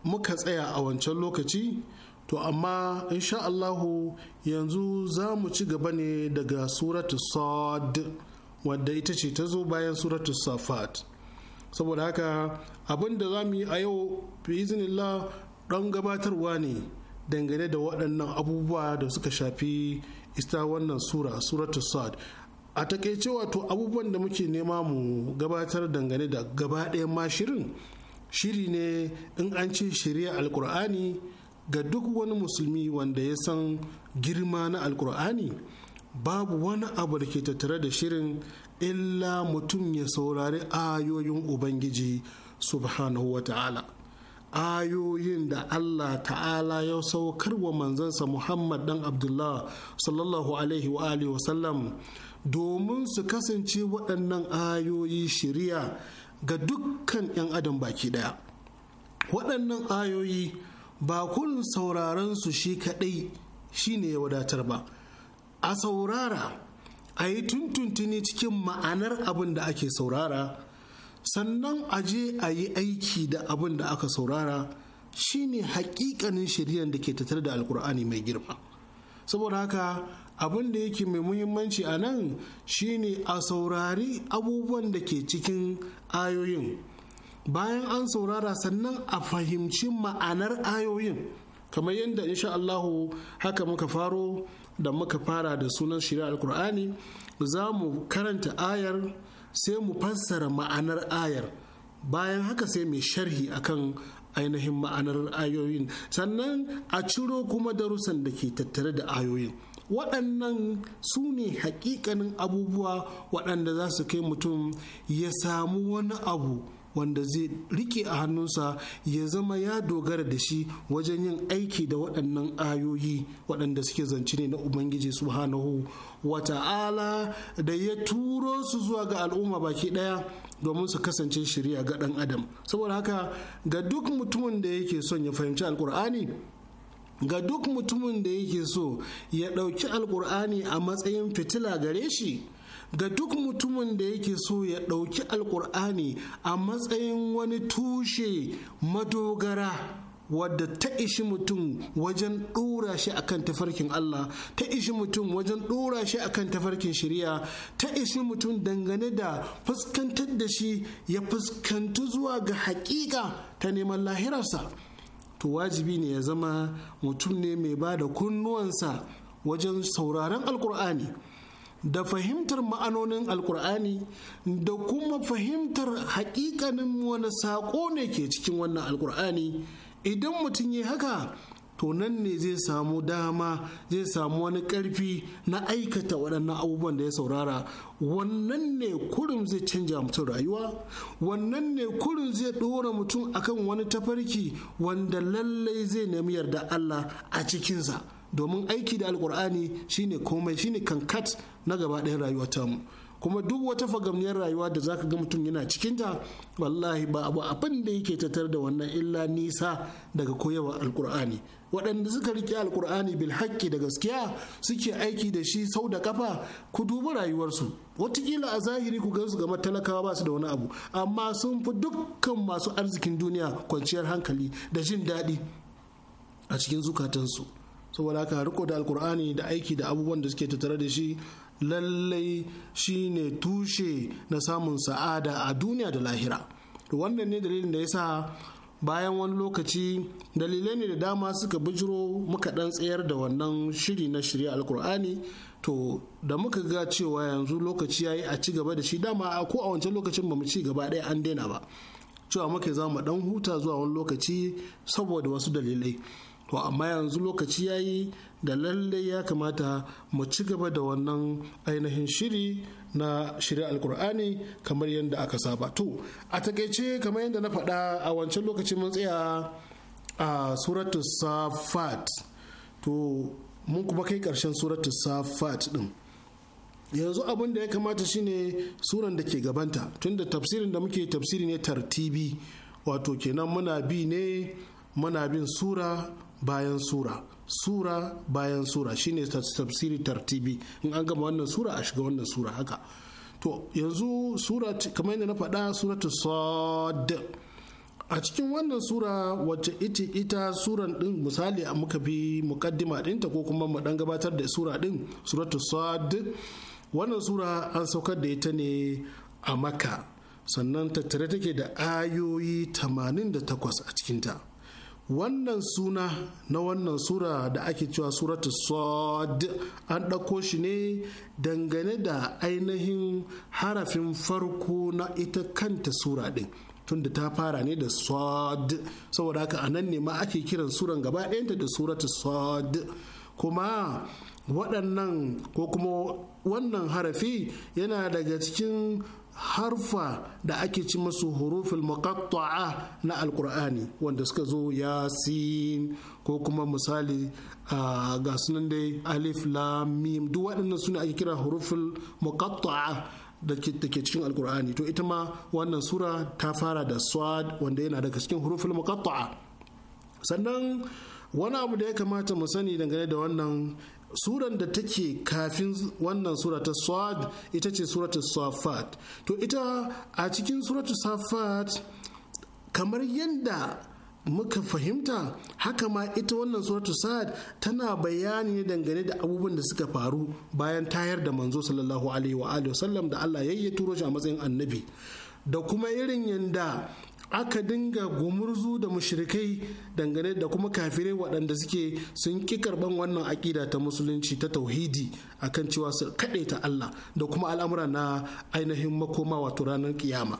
muka tsaya a wancan lokaci to amma insha Allahu yanzu za mu ci gaba ne daga suratul sad wadda ita ce ta zo bayan suratul safat saboda haka abin da za mu yi a yau fi izinillah don gabatarwa ne dangane da waɗannan abubuwa da suka shafi ita wannan sura suratul sad a takaice wato abubuwan da muke nema mu gabatar dangane da gaba ɗaya ma shirin shiri ne in an ce shirya alkur'ani ga duk wani musulmi wanda ya san girma na alkur'ani babu wani abu da ke tattare da shirin illa mutum ya saurari ayoyin ubangiji subhanahu wa ta'ala ayoyin da Allah ta'ala ya saukar wa manzansa Muhammad dan Abdullah sallallahu alaihi wa alihi domin su kasance waɗannan ayoyi shiriya ga dukkan 'yan adam baki ɗaya waɗannan ayoyi ba kun sauraron su shi kaɗai shine ya wadatar ba a saurara a yi tuntuntuni cikin ma'anar abin da ake saurara sannan a je a yi aiki da abin da aka saurara shine hakikanin shari'ar da ke tattare da alkur'ani mai girma saboda haka abin da yake mai muhimmanci a nan shine a saurari abubuwan da ke cikin ayoyin bayan an saurara sannan a fahimci ma'anar ayoyin kamar yadda insha Allahu haka muka faro da muka fara da sunan shari'ar alkur'ani za mu karanta ayar sai mu fassara ma'anar ayar bayan haka sai mai sharhi akan ainihin ma'anar ayoyin sannan a ciro kuma darussan da ke tattare da ayoyin waɗannan su ne hakikanin abubuwa waɗanda za su kai mutum ya samu wani abu wanda zai rike a hannunsa ya zama ya dogara da shi wajen yin aiki da waɗannan ayoyi waɗanda suke zance ne na ubangiji subhanahu wata'ala da ya turo su zuwa ga al'umma baki ɗaya domin su kasance shirya ga ɗan adam saboda haka ga duk mutumin da yake son ya fahimci alkur'ani ga duk mutumin da yake so ya ɗauki alkur'ani a matsayin fitila gare shi ga duk mutumin da yake so ya ɗauki alkur'ani a matsayin wani tushe madogara wadda ta ishi mutum wajen ɗora shi akan tafarkin Allah ta ishi mutum wajen ɗora shi akan tafarkin shari'a ta ishi mutum dangane da fuskantar da shi ya fuskantu zuwa ga hakika ta neman lahirarsa to wajibi ne ya zama mutum ne mai ba da kunnuwansa wajen sauraron alkur'ani da fahimtar ma'anonin alkur'ani da kuma fahimtar hakikanin wani saƙo ne ke cikin wannan alkur'ani idan mutum ya haka to nan ne zai samu dama zai samu wani ƙarfi na aikata waɗannan abubuwan da ya saurara wannan ne kurin zai canja mutum rayuwa wannan ne kurin zai ɗora mutum akan wani tafarki wanda lallai zai nemi yarda Allah a cikinsa. domin aiki da alkur'ani shine komai shine kankat na gaba ɗayan ta mu kuma duk wata fagamniyar rayuwa da zaka ga mutum yana cikinta wallahi ba abu abin da yake tattar da wannan illa nisa daga koyarwa alkur'ani waɗanda suka riƙe alkur'ani bil haƙƙi da gaskiya suke aiki da shi sau da kafa ku dubi rayuwarsu watakila a zahiri ku gansu ga matalakawa ba su da wani abu amma sun fi dukkan masu arzikin duniya kwanciyar hankali da jin daɗi a cikin zukatansu saboda haka riko da alkur'ani da aiki da abubuwan da suke tattare da shi lallai shi ne tushe na samun sa'ada a duniya da lahira wannan ne dalilin da ya sa bayan wani lokaci dalilai ne da dama suka bijiro muka dan tsayar da wannan shiri na shirya alkur'ani to da muka ga cewa yanzu lokaci ya yi a ci gaba da shi dama ko a wancan lokacin ba mu ci gaba ɗaya an daina ba cewa muka za mu dan huta zuwa wani lokaci saboda wasu dalilai to amma yanzu lokaci ya yi da lallai ya kamata mu ci gaba da wannan ainihin shiri na shirin alkur'ani kamar yadda aka saba to a takaice kamar yadda na faɗa a wancan lokacin mun tsaya a suratu safat to mun kuma kai ƙarshen suratu safat din yanzu abin da ya kamata shine suran da ke gabanta tunda tafsirin da muke tafsiri ne tartibi wato kenan muna bi ne muna bin sura bayan sura sura bayan sura shine tafsiri tartibi in an gama wannan sura a shiga wannan sura haka to yanzu sura kamar yadda na faɗa suratu sad a cikin wannan sura wacce ita ita suran din misali a muka bi mukaddima dinta ko kuma mu dan gabatar da sura din suratu sad wannan sura an saukar da ita ne a maka sannan tattare take da ayoyi 88 a cikinta wannan suna na wannan sura da ake cewa suratu sod an ɗauko shi ne dangane da ainihin harafin farko na ita kanta sura ɗin tunda ta fara ne da sod saboda haka anan ne ma ake kiran suran gaba ɗayanta da suratu sod kuma waɗannan ko kuma wannan harafi yana daga cikin harfa da ake ci masu hurufin muqatta'a na alkur'ani wanda suka zo yasin ko kuma misali ga sunan dai alif lam mim duk waɗannan suna ake kira hurufin muqatta'a da ke cikin alkur'ani to ita ma wannan sura ta fara da swad wanda yana daga cikin hurufin muqatta'a sannan wani abu da ya kamata mu sani dangane da wannan suran da take kafin wannan sura ta swad ita ce suratul safat to ita a cikin suratul safat kamar yadda muka fahimta haka ma ita wannan suratul sa'ad tana bayani ne dangane da abubuwan da suka faru bayan tayar da manzo sallallahu alaihi wa alihi da Allah ya turo shi a matsayin annabi da kuma irin yanda aka dinga gumurzu da mushrikai dangane da kuma kafirai waɗanda suke sun ƙi karɓan wannan aƙida ta musulunci ta tauhidi akan cewa su kaɗe ta Allah da kuma al'amura na ainihin makoma wato ranar kiyama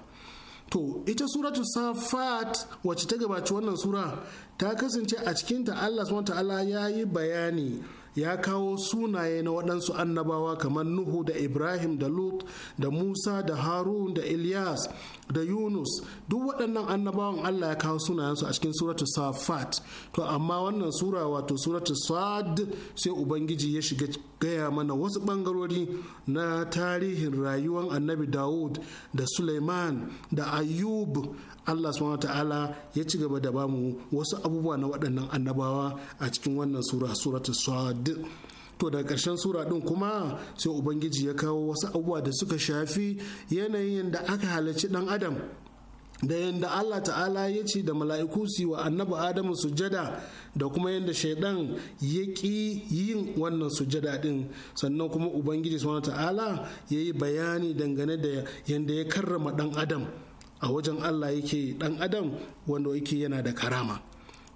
to ita suratu safat wacce ta gabaci wannan sura ta kasance a cikinta Allah subhanahu ta'ala ya yi bayani ya kawo sunaye na waɗansu annabawa kamar Nuhu da Ibrahim da Lut da Musa da Harun da Ilyas da Yunus duk waɗannan annabawan Allah ya kawo sunayensu a cikin suratu Safat to amma wannan sura wato suratu Sad sai Ubangiji ya shiga gaya mana wasu ɓangarori na tarihin rayuwar annabi Dawud da Suleiman da Ayub Allah subhanahu ta'ala ya ci gaba da bamu wasu abubuwa na waɗannan annabawa a cikin wannan sura suratul sad to da ƙarshen sura ɗin kuma sai ubangiji ya kawo wasu abubuwa da suka shafi yanayin da aka halarci ɗan adam da yadda Allah ta'ala ya ce da mala'iku su wa annabi Adamu sujada da kuma yadda shaidan ya ƙi yin wannan sujada din sannan kuma Ubangiji subhanahu ta'ala ya yi bayani dangane da yadda ya karrama ɗan Adam a wajen Allah yake dan adam wanda yake yana da karama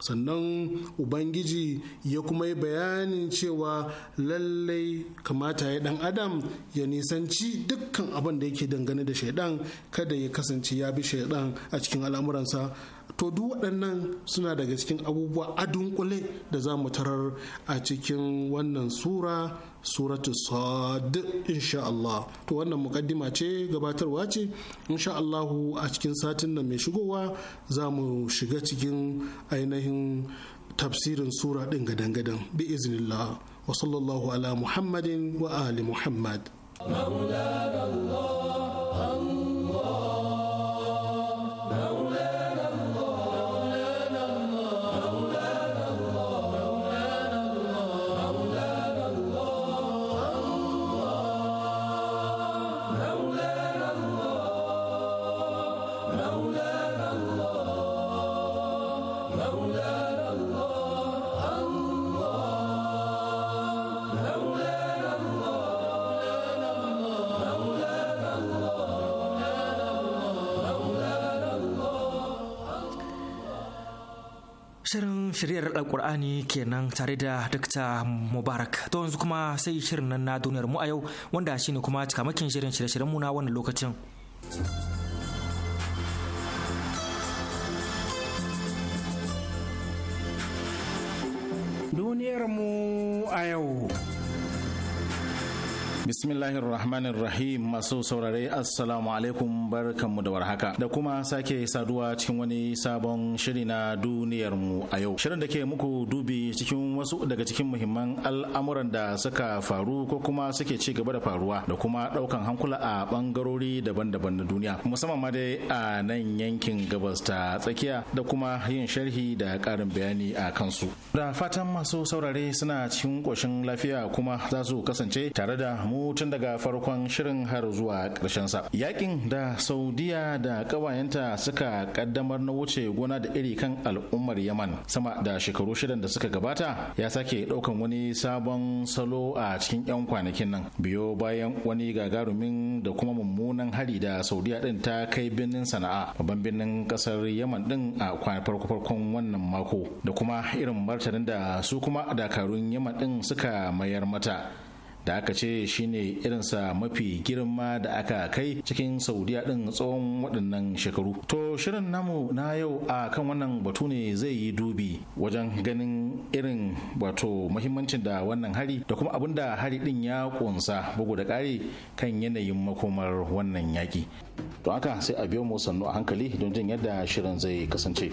sannan ubangiji ya kuma yi bayanin cewa lallai kamata ya dan adam ya nisanci dukkan abin da yake dangane da shaidan kada ya kasance ya bi shaidan a cikin al'amuransa to duk waɗannan suna daga cikin abubuwa a dunkule da za mu tarar a cikin wannan sura suratu sad insha Allah to wannan mukaddima ce gabatarwa ce insha Allah a cikin satin nan mai shigowa za mu shiga cikin ainihin tafsirin sura ɗin gadangadan, gadan bi iznillah wa sallallahu ala muhammadin wa ali muhammad
shiryar alkur'ani kenan tare da Dr. Mubarak. To yanzu kuma sai shirin nan na duniyar mu a yau wanda ne kuma cikamakin shirin shirye-shiryen mu na wannan lokacin. Duniyar mu a
yau. Bismillahir masu saurare Assalamu alaikum barkanmu da warhaka da kuma sake saduwa cikin wani sabon shiri na duniyarmu a yau. Shirin da ke muku dubi cikin wasu daga cikin muhimman al'amuran da suka faru ko kuma suke ci gaba da faruwa da kuma daukan hankula a bangarori daban-daban na duniya musamman ma dai a nan yankin gabas ta tsakiya da kuma yin sharhi da karin bayani a kansu. Da fatan masu saurare suna cikin koshin lafiya kuma za su kasance tare da mu mu tun daga farkon shirin har zuwa ƙarshen sa. Yakin da Saudiya da ƙawayenta suka kaddamar na wuce gona da iri kan al'ummar Yaman sama da shekaru shidan da suka gabata ya sake ɗaukan wani sabon salo a cikin 'yan kwanakin nan biyo bayan wani gagarumin da kuma mummunan hari da Saudiya din ta kai birnin Sana'a babban birnin ƙasar Yaman ɗin a farko-farkon wannan mako da kuma irin martanin da su kuma dakarun Yaman ɗin suka mayar mata. da aka ce shine irinsa mafi girma da aka kai cikin saudiya din tsawon waɗannan shekaru to shirin namu na yau a kan wannan batu ne zai yi dubi wajen ganin irin wato mahimmancin da wannan hari da kuma abin da hari din ya kunsa bugu da ƙari kan yanayin makomar wannan yaƙi to haka sai a biyo mu sannu a hankali don jin yadda shirin zai kasance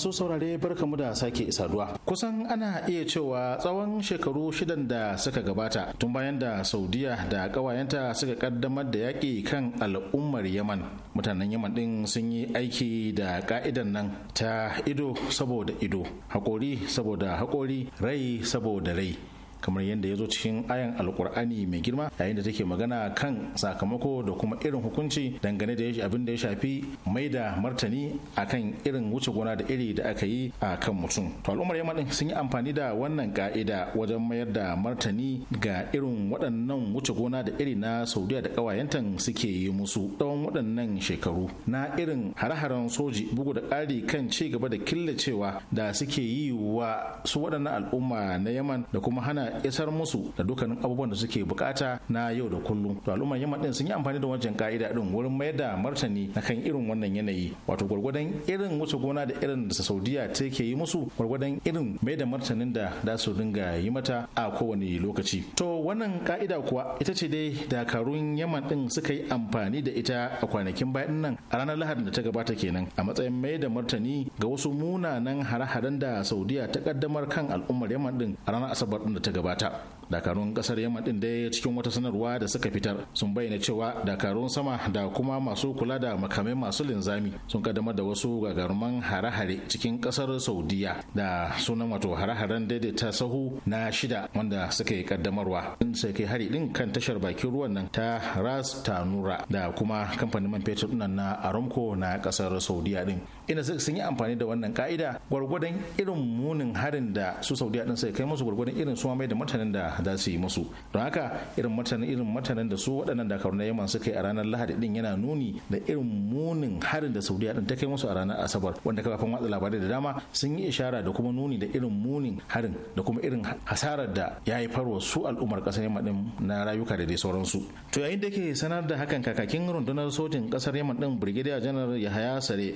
masu saurare barkamu da sake saduwa. Kusan ana iya cewa tsawon shekaru shidan da suka gabata tun bayan da Saudiya da kawayenta suka kaddamar da yaƙi kan al'ummar Yaman. Mutanen Yaman din sun yi aiki da ka'idan nan ta ido saboda ido, haƙori saboda haƙori, rai saboda rai. kamar yadda ya zo cikin ayan alkur'ani mai girma yayin da take magana kan sakamako da kuma irin hukunci dangane da abin da ya shafi mai da martani a kan irin wuce gona da iri da aka yi a kan mutum to al'ummar yamma din sun yi amfani da wannan ka'ida wajen mayar da martani ga irin waɗannan wuce gona da iri na saudiya da ƙawayentan suke yi musu tsawon waɗannan shekaru na irin hare-haren soji bugu da ƙari kan ci gaba da killacewa da suke yi wa su waɗannan al'umma na yaman da kuma hana isar musu da dukkanin abubuwan da suke bukata na yau da kullum to al'ummar yamma din sun yi amfani da wajen ka'ida din wurin mayar da martani na kan irin wannan yanayi wato gwargwadon irin wuce gona da irin da saudiya take yi musu gwargwadon irin mai da martanin da za su dinga yi mata a kowane lokaci to wannan ka'ida kuwa ita ce dai dakarun yaman din suka yi amfani da ita a kwanakin bayan nan a ranar lahadin da ta gabata kenan a matsayin mai da martani ga wasu munanan hare-haren da saudiya ta kaddamar kan al'ummar yaman din a ranar asabar din da ta gabata gabata dakarun kasar yaman din dai cikin wata sanarwa da suka fitar sun bayyana cewa dakarun sama da kuma masu kula da makamai masu linzami sun kaddamar da wasu gagarumin hare-hare cikin kasar saudiya da sunan wato hare-haren daidaita sahu na shida wanda suka yi kaddamarwa in sai kai hari din kan tashar bakin ruwan nan ta ras tanura da kuma kamfanin man fetur nan na aramco na kasar saudiya din ina sun yi amfani da wannan ka'ida gwargwadon irin munin harin da su saudiya din sai kai musu gwargwadon irin su mai da mutanen da hada su yi musu don haka irin matanan irin matanan da su waɗannan dakaru yaman suka yi a ranar lahadi din yana nuni da irin munin harin da saudiya din ta kai musu a ranar asabar wanda kafafen watsa labarai da dama sun yi ishara da kuma nuni da irin munin harin da kuma irin hasarar da ya haifarwa su al'ummar ƙasar yaman din na rayuka da dai sauransu to yayin da ke sanar da hakan kakakin rundunar sojin kasar yaman din brigadier general yahaya sare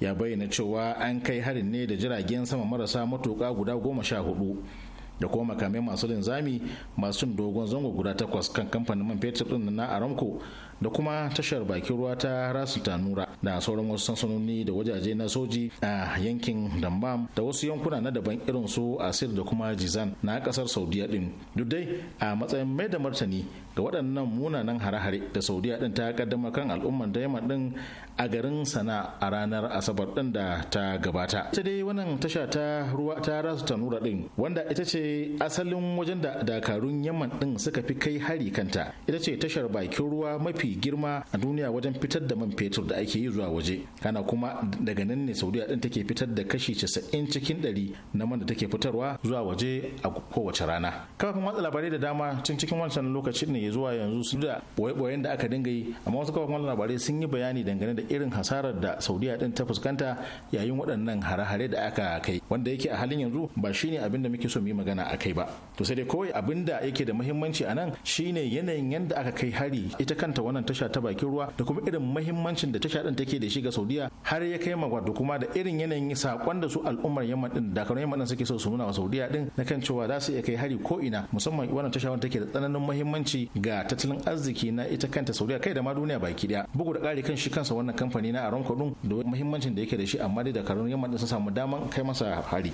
ya bayyana cewa an kai harin ne da jiragen sama marasa matuka guda goma sha hudu da kuma makamai masu linzami masu dogon zango guda takwas kan kamfanin man fetur din na aramco da kuma tashar bakin ruwa ta rasu tanura da sauran wasu sansanoni da wajaje na soji a yankin dambam da wasu yankuna na daban irin su asir da kuma jizan na kasar saudiya din duk dai a matsayin mai da martani ga waɗannan munanan hare-hare da saudiya ɗin ta kaddama kan al'umman da yamma ɗin a garin sana a ranar asabar ɗin da ta gabata Ita dai wannan tasha ta ruwa ta rasu tanura ɗin. wanda ita ce asalin wajen da dakarun yamman ɗin suka fi kai hari kanta ita ce tashar bakin ruwa mafi girma a duniya wajen fitar da man fetur da ake yi zuwa waje kana kuma daga nan ne saudiya ɗin take fitar da kashi casa'in cikin ɗari na man da take fitarwa zuwa waje a kowace rana kafin watsa labarai da dama tun cikin wancan lokacin ne ya zuwa yanzu su da boye-boyen da aka dinga yi amma wasu kafafen labarai sun yi bayani dangane da irin hasarar da saudiya din ta fuskanta yayin waɗannan hare-hare da aka kai wanda yake a halin yanzu ba shine abin da muke so mu yi magana a kai ba to sai dai kawai abin da yake da muhimmanci a nan shine yanayin yadda aka kai hari ita kanta wannan tasha ta bakin ruwa da kuma irin muhimmancin da tasha din take da shi ga saudiya har ya kai magwa da kuma da irin yanayin sakon da su al'ummar yamma din dakarun yamma din suke so su nuna wa saudiya din na kan cewa za su iya kai hari ko ina musamman wannan tasha wanda take da tsananin muhimmanci ga tattalin arziki na ita kanta Saudiya kai da ma duniya baki daya bugu da kare kan shi kansa wannan kamfani na Aramco din da muhimmancin da yake da shi amma dai da karun yamma sun samu daman kai masa hari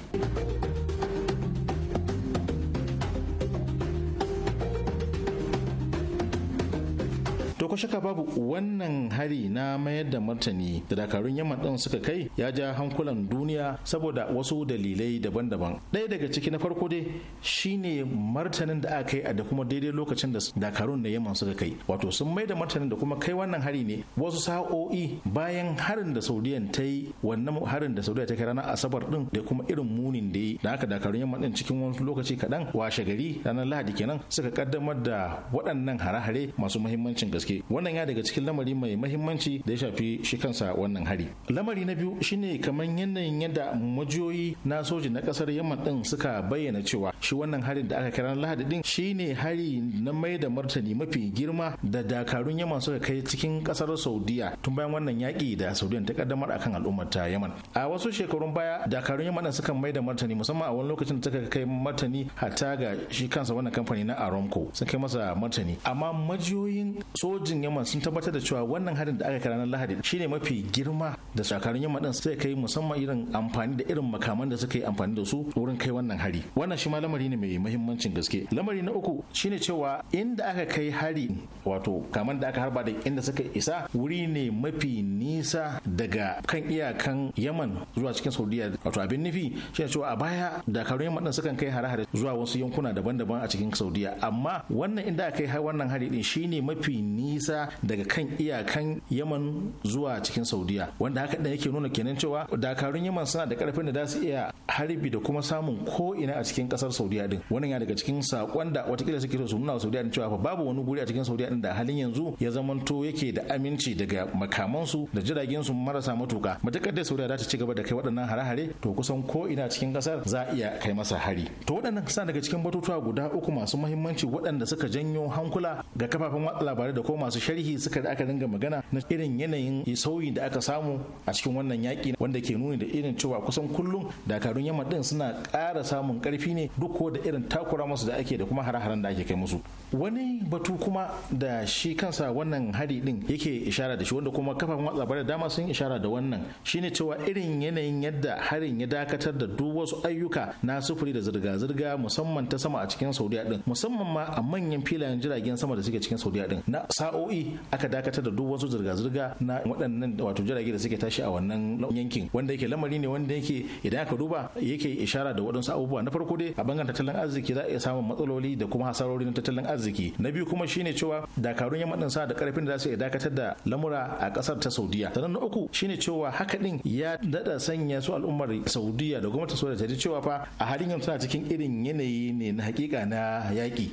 ko shaka babu wannan hari na mayar da martani da dakarun yamma din suka kai ya ja hankulan duniya saboda wasu dalilai daban-daban ɗaya daga ciki na farko dai shine martanin da aka yi a da kuma daidai lokacin da dakarun na yamma suka kai wato sun mai da martanin da kuma kai wannan hari ne wasu sa'o'i bayan harin da saudiyan ta yi wannan harin da saudiya ta kai ranar asabar din da kuma irin munin da yi da aka dakarun yamma din cikin wani lokaci kaɗan washe gari ranar lahadi kenan suka kaddamar da waɗannan hare-hare masu muhimmancin gaske wannan ya daga cikin lamari mai mahimmanci da ya shafi shi kansa wannan hari lamari na biyu shine kamar yanayin yadda majiyoyi na soji na kasar yamman din suka bayyana cewa shi wannan harin da aka kira lahadi din shine hari na mai da martani mafi girma da dakarun yamman suka kai cikin kasar saudiya tun bayan wannan yaki da saudiya ta kaddamar akan al'ummar ta yaman a wasu shekarun baya dakarun yamman din suka mai da martani musamman a wani lokacin da suka kai martani hatta ga shi kansa wannan kamfani na aramco sun kai masa martani amma majiyoyin soji sojin yamma sun tabbatar da cewa wannan harin da aka kai ranar lahadi shine mafi girma da sakarun yamma din sai kai musamman irin amfani da irin makaman da suka yi amfani da su wurin kai wannan hari wannan shi ma lamari ne mai muhimmancin gaske lamari na uku shine cewa inda aka kai hari wato kaman da aka harba da inda suka isa wuri ne mafi nisa daga kan iyakan yaman zuwa cikin saudiya wato abin nufi shine cewa a baya dakarun yamma din sukan kai hare-hare zuwa wasu yankuna daban-daban a cikin saudiya amma wannan inda aka kai wannan hari din shine mafi nisa nisa daga kan iyakan yaman zuwa cikin saudiya wanda haka da yake nuna kenan cewa dakarun yaman suna da karfin da za su iya harbi da kuma samun ko ina a cikin kasar saudiya din wannan ya daga cikin sakon da watakila suke so su nuna saudiya din cewa babu wani guri a cikin saudiya din da halin yanzu ya zamanto yake da aminci daga makamansu da jiragen su marasa matuka matakar da saudiya za ta ci gaba da kai waɗannan hare-hare to kusan ko ina cikin kasar za a iya kai masa hari to waɗannan suna daga cikin batutuwa guda uku masu mahimmanci waɗanda suka janyo hankula ga kafafen watsa labarai da kuma masu sharhi suka da aka dinga magana na irin yanayin sauyi da aka samu a cikin wannan yaƙi wanda ke nuni da irin cewa kusan kullum dakarun yamma din suna ƙara samun ƙarfi ne duk ko da irin takura musu da ake da kuma hare-haren da ake kai musu wani batu kuma da shi kansa wannan hari din yake ishara da shi wanda kuma kafafen watsa da dama sun ishara da wannan shine cewa irin yanayin yadda harin ya dakatar da duk wasu ayyuka na sufuri da zirga-zirga musamman ta sama a cikin saudiya din musamman ma a manyan filayen jiragen sama da suke cikin saudiya din na sa'o'i aka dakatar da duk wasu zirga-zirga na waɗannan wato jirage da suke tashi a wannan yankin wanda yake lamari ne wanda yake idan aka duba yake ishara da waɗansu abubuwa na farko dai a bangaren tattalin arziki za a iya samun matsaloli da kuma hasarori na tattalin arziki na biyu kuma shine cewa dakarun yamma din da karfin da za su iya dakatar da lamura a ƙasar ta saudiya sannan na uku shine cewa haka din ya dada sanya su al'ummar saudiya da gwamnatin saudiya ta ji cewa fa a halin yanzu tana cikin irin yanayi ne na hakika na yaƙi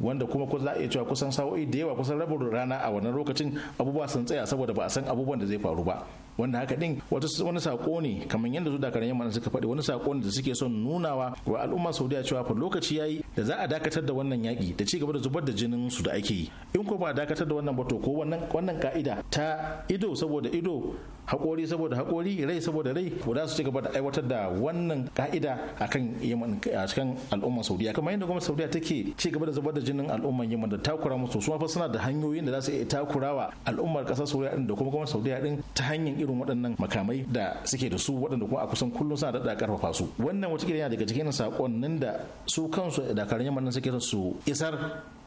wanda kuma ko za a iya cewa kusan sa'o'i da yawa kusan rabin rana a wannan lokacin abubuwa sun tsaya saboda ba a san abubuwan da zai faru ba wanda haka din wata wani sako ne kamar yadda su dakarun yamma suka faɗi wani sako ne da suke son nunawa wa al'umma saudiya cewa fa lokaci yayi da za a dakatar da wannan yaki da ci gaba da zubar da jinin su da ake yi in ko ba a dakatar da wannan ba to ko wannan wannan ka'ida ta ido saboda ido Hakori saboda haƙori rai saboda rai ko za su ci gaba da aiwatar da wannan ka'ida akan yaman a cikin al'ummar saudiya kamar yadda gwamnatin saudiya take ci gaba da zubar da jinin al'ummar yaman da takura musu su fa suna da hanyoyin da za su iya takurawa al'ummar ƙasar saudiya din da kuma gwamnatin saudiya din ta hanyar irin waɗannan makamai da suke da su waɗanda kuma a kusan kullum suna daɗa karfafa su wannan wata yana daga cikin sakonnin da su kansu da karin yaman suke su isar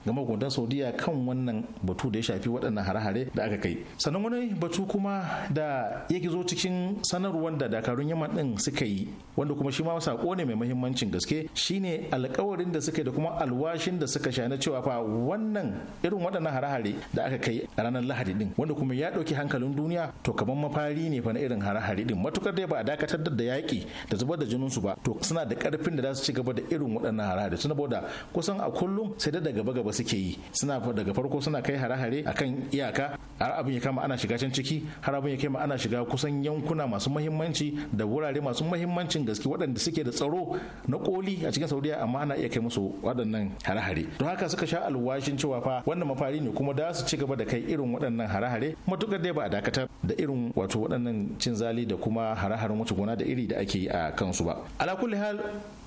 ga mahukuntan saudiya kan wannan batu da ya shafi waɗannan hare-hare da aka kai sannan wani batu kuma da ya zo cikin sanarwar da dakarun yaman ɗin suka yi wanda kuma shi ma sako ne mai mahimmancin gaske shine alkawarin da suka yi da kuma alwashin da suka shana cewa fa wannan irin waɗannan hare-hare da aka kai a ranar lahadi din wanda kuma ya ɗauki hankalin duniya to kamar mafari ne fa na irin hare-hare din matukar dai ba a dakatar da yaƙi da zubar da jinin su ba to suna da ƙarfin da za su ci gaba da irin waɗannan hare-hare suna boda kusan a kullum sai da daga gaba suke yi suna daga farko suna kai hare-hare akan iyaka har abin ya kama ana shiga can ciki har abin ya ma ana shiga kusan yankuna masu mahimmanci da wurare masu mahimmancin gaske waɗanda suke da tsaro na koli a cikin saudiya amma ana iya kai musu waɗannan hare-hare don haka suka sha alwashin cewa fa wannan mafari ne kuma da su ci gaba da kai irin waɗannan hare-hare matukar dai ba a dakatar da irin wato waɗannan cin zali da kuma hare-haren wuce gona da iri da ake yi a kansu ba ala kulli hal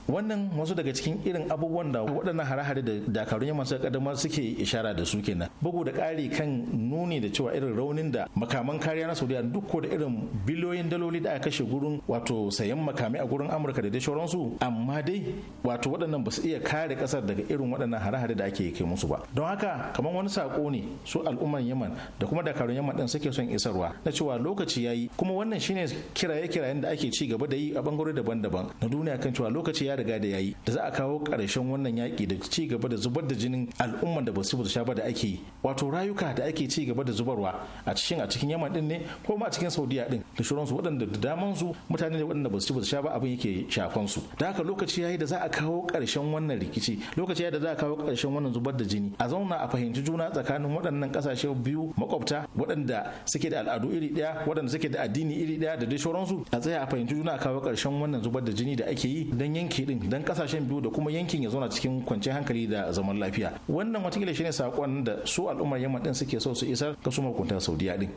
wannan wasu daga cikin irin abubuwan da waɗannan hare-hare da dakarun yamma suka kaddamar suke ishara da su kenan bugu da ƙari kan nuni da cewa irin raunin da makaman kariya na saudiya duk ko da irin biliyoyin daloli da aka kashe gurin wato sayan makami a gurin amurka da dai su amma dai wato waɗannan ba su iya kare ƙasar daga irin waɗannan hare-hare da ake kai musu ba don haka kamar wani sako ne su al'ummar yaman da kuma dakarun yaman din suke son isarwa na cewa lokaci ya kuma wannan shine kiraye-kirayen da ake ci gaba da yi a bangare daban-daban na duniya kan cewa lokaci ya riga da yayi da za a kawo ƙarshen wannan yaƙi da ci gaba da zubar da jinin al'umman da basu sha ba da ake wato rayuka da ake ci gaba da zubarwa a cikin a cikin yaman din ne ko ma a cikin saudiya din da shuransu waɗanda da daman su mutane ne waɗanda basu ci sha ba abin yake shafan su da haka lokaci yayi da za a kawo ƙarshen wannan rikici lokaci yayi da za a kawo ƙarshen wannan zubar da jini a zauna a fahimci juna tsakanin waɗannan ƙasashe biyu makwabta waɗanda suke da al'adu iri ɗaya waɗanda suke da addini iri ɗaya da dai sauransu a tsaya a fahimci juna a kawo ƙarshen wannan zubar da jini da ake yi don yanke din dan kasashen biyu da kuma yankin ya zauna cikin kwanciyar hankali da zaman lafiya wannan watakila shine sakon da su al'ummar yamma din suke so su isar ga su mahukuntan saudiya din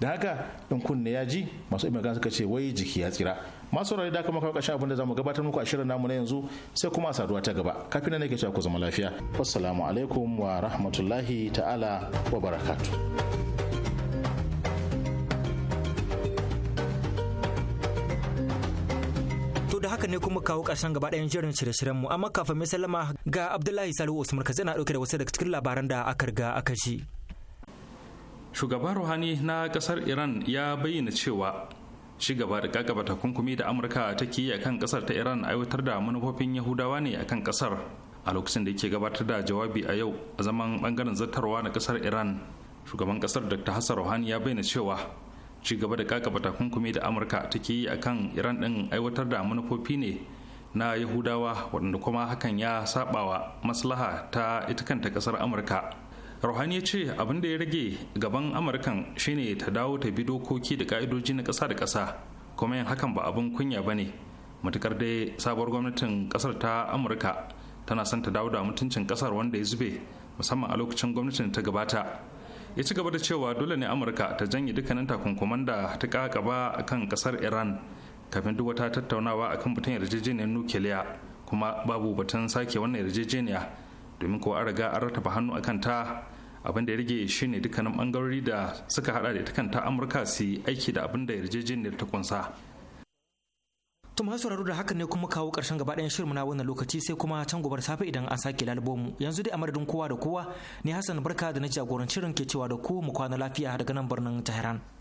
da haka in kunne ya ji masu imar suka ce wai jiki ya tsira masu rari da kuma kawo ƙarshen abin da zamu gabatar muku a shirin namu na yanzu sai kuma saduwa ta gaba kafin nan yake cewa ku zama lafiya wassalamu alaikum wa rahmatullahi ta'ala wa
barakatuh haka ne kuma kawo karshen gaba ɗayan jerin shirye-shiryen mu amma kafin mai sallama ga Abdullahi Salihu Usman na dauke da wasu daga cikin labaran da aka riga aka ji.
Shugaban Ruhani na kasar Iran ya bayyana cewa shi gaba da gagaba takunkumi da Amurka take yi kan kasar ta Iran aiwatar da manufofin Yahudawa ne a kan kasar a lokacin da yake gabatar da jawabi a yau a zaman bangaren zartarwa na kasar Iran shugaban kasar Dr. Hassan Ruhani ya bayyana cewa ci gaba da kakaba takunkumi da amurka take yi a kan iran din aiwatar da manufofi ne na yahudawa waɗanda kuma hakan ya sabawa maslaha ta ita kanta ƙasar amurka ruhani ya ce abin da ya rage gaban amurkan shine ta dawo ta bi dokoki da ka'idoji na ƙasa da kasa kuma yin hakan ba abin kunya ba ne matukar dai sabuwar gwamnatin ƙasar ta amurka tana son ta dawo da mutuncin ƙasar wanda ya zube musamman a lokacin gwamnatin ta gabata ya ci gaba da cewa dole ne amurka ta janye dukkanin takunkuman da ta kakaba a kan kasar iran kafin duk wata tattaunawa akan batun yarjejeniyar nukiliya kuma babu batun sake wannan yarjejeniya domin kuwa an riga an rataba hannu akan ta abin da ya rage shi ne dukkanin bangarori da suka hada da ta kanta amurka su aiki da abin da yarjejeniyar ta kunsa
To masu sauraro da hakan ne kuma kawo ƙarshen gaba ɗayan shirin na wannan lokaci sai kuma can gobar safe idan an sake lalubo mu. Yanzu dai a madadin kowa da kowa ne Hassan Barka da na jagorancin shirin ke cewa da ku mu kwana lafiya daga nan birnin Tehran.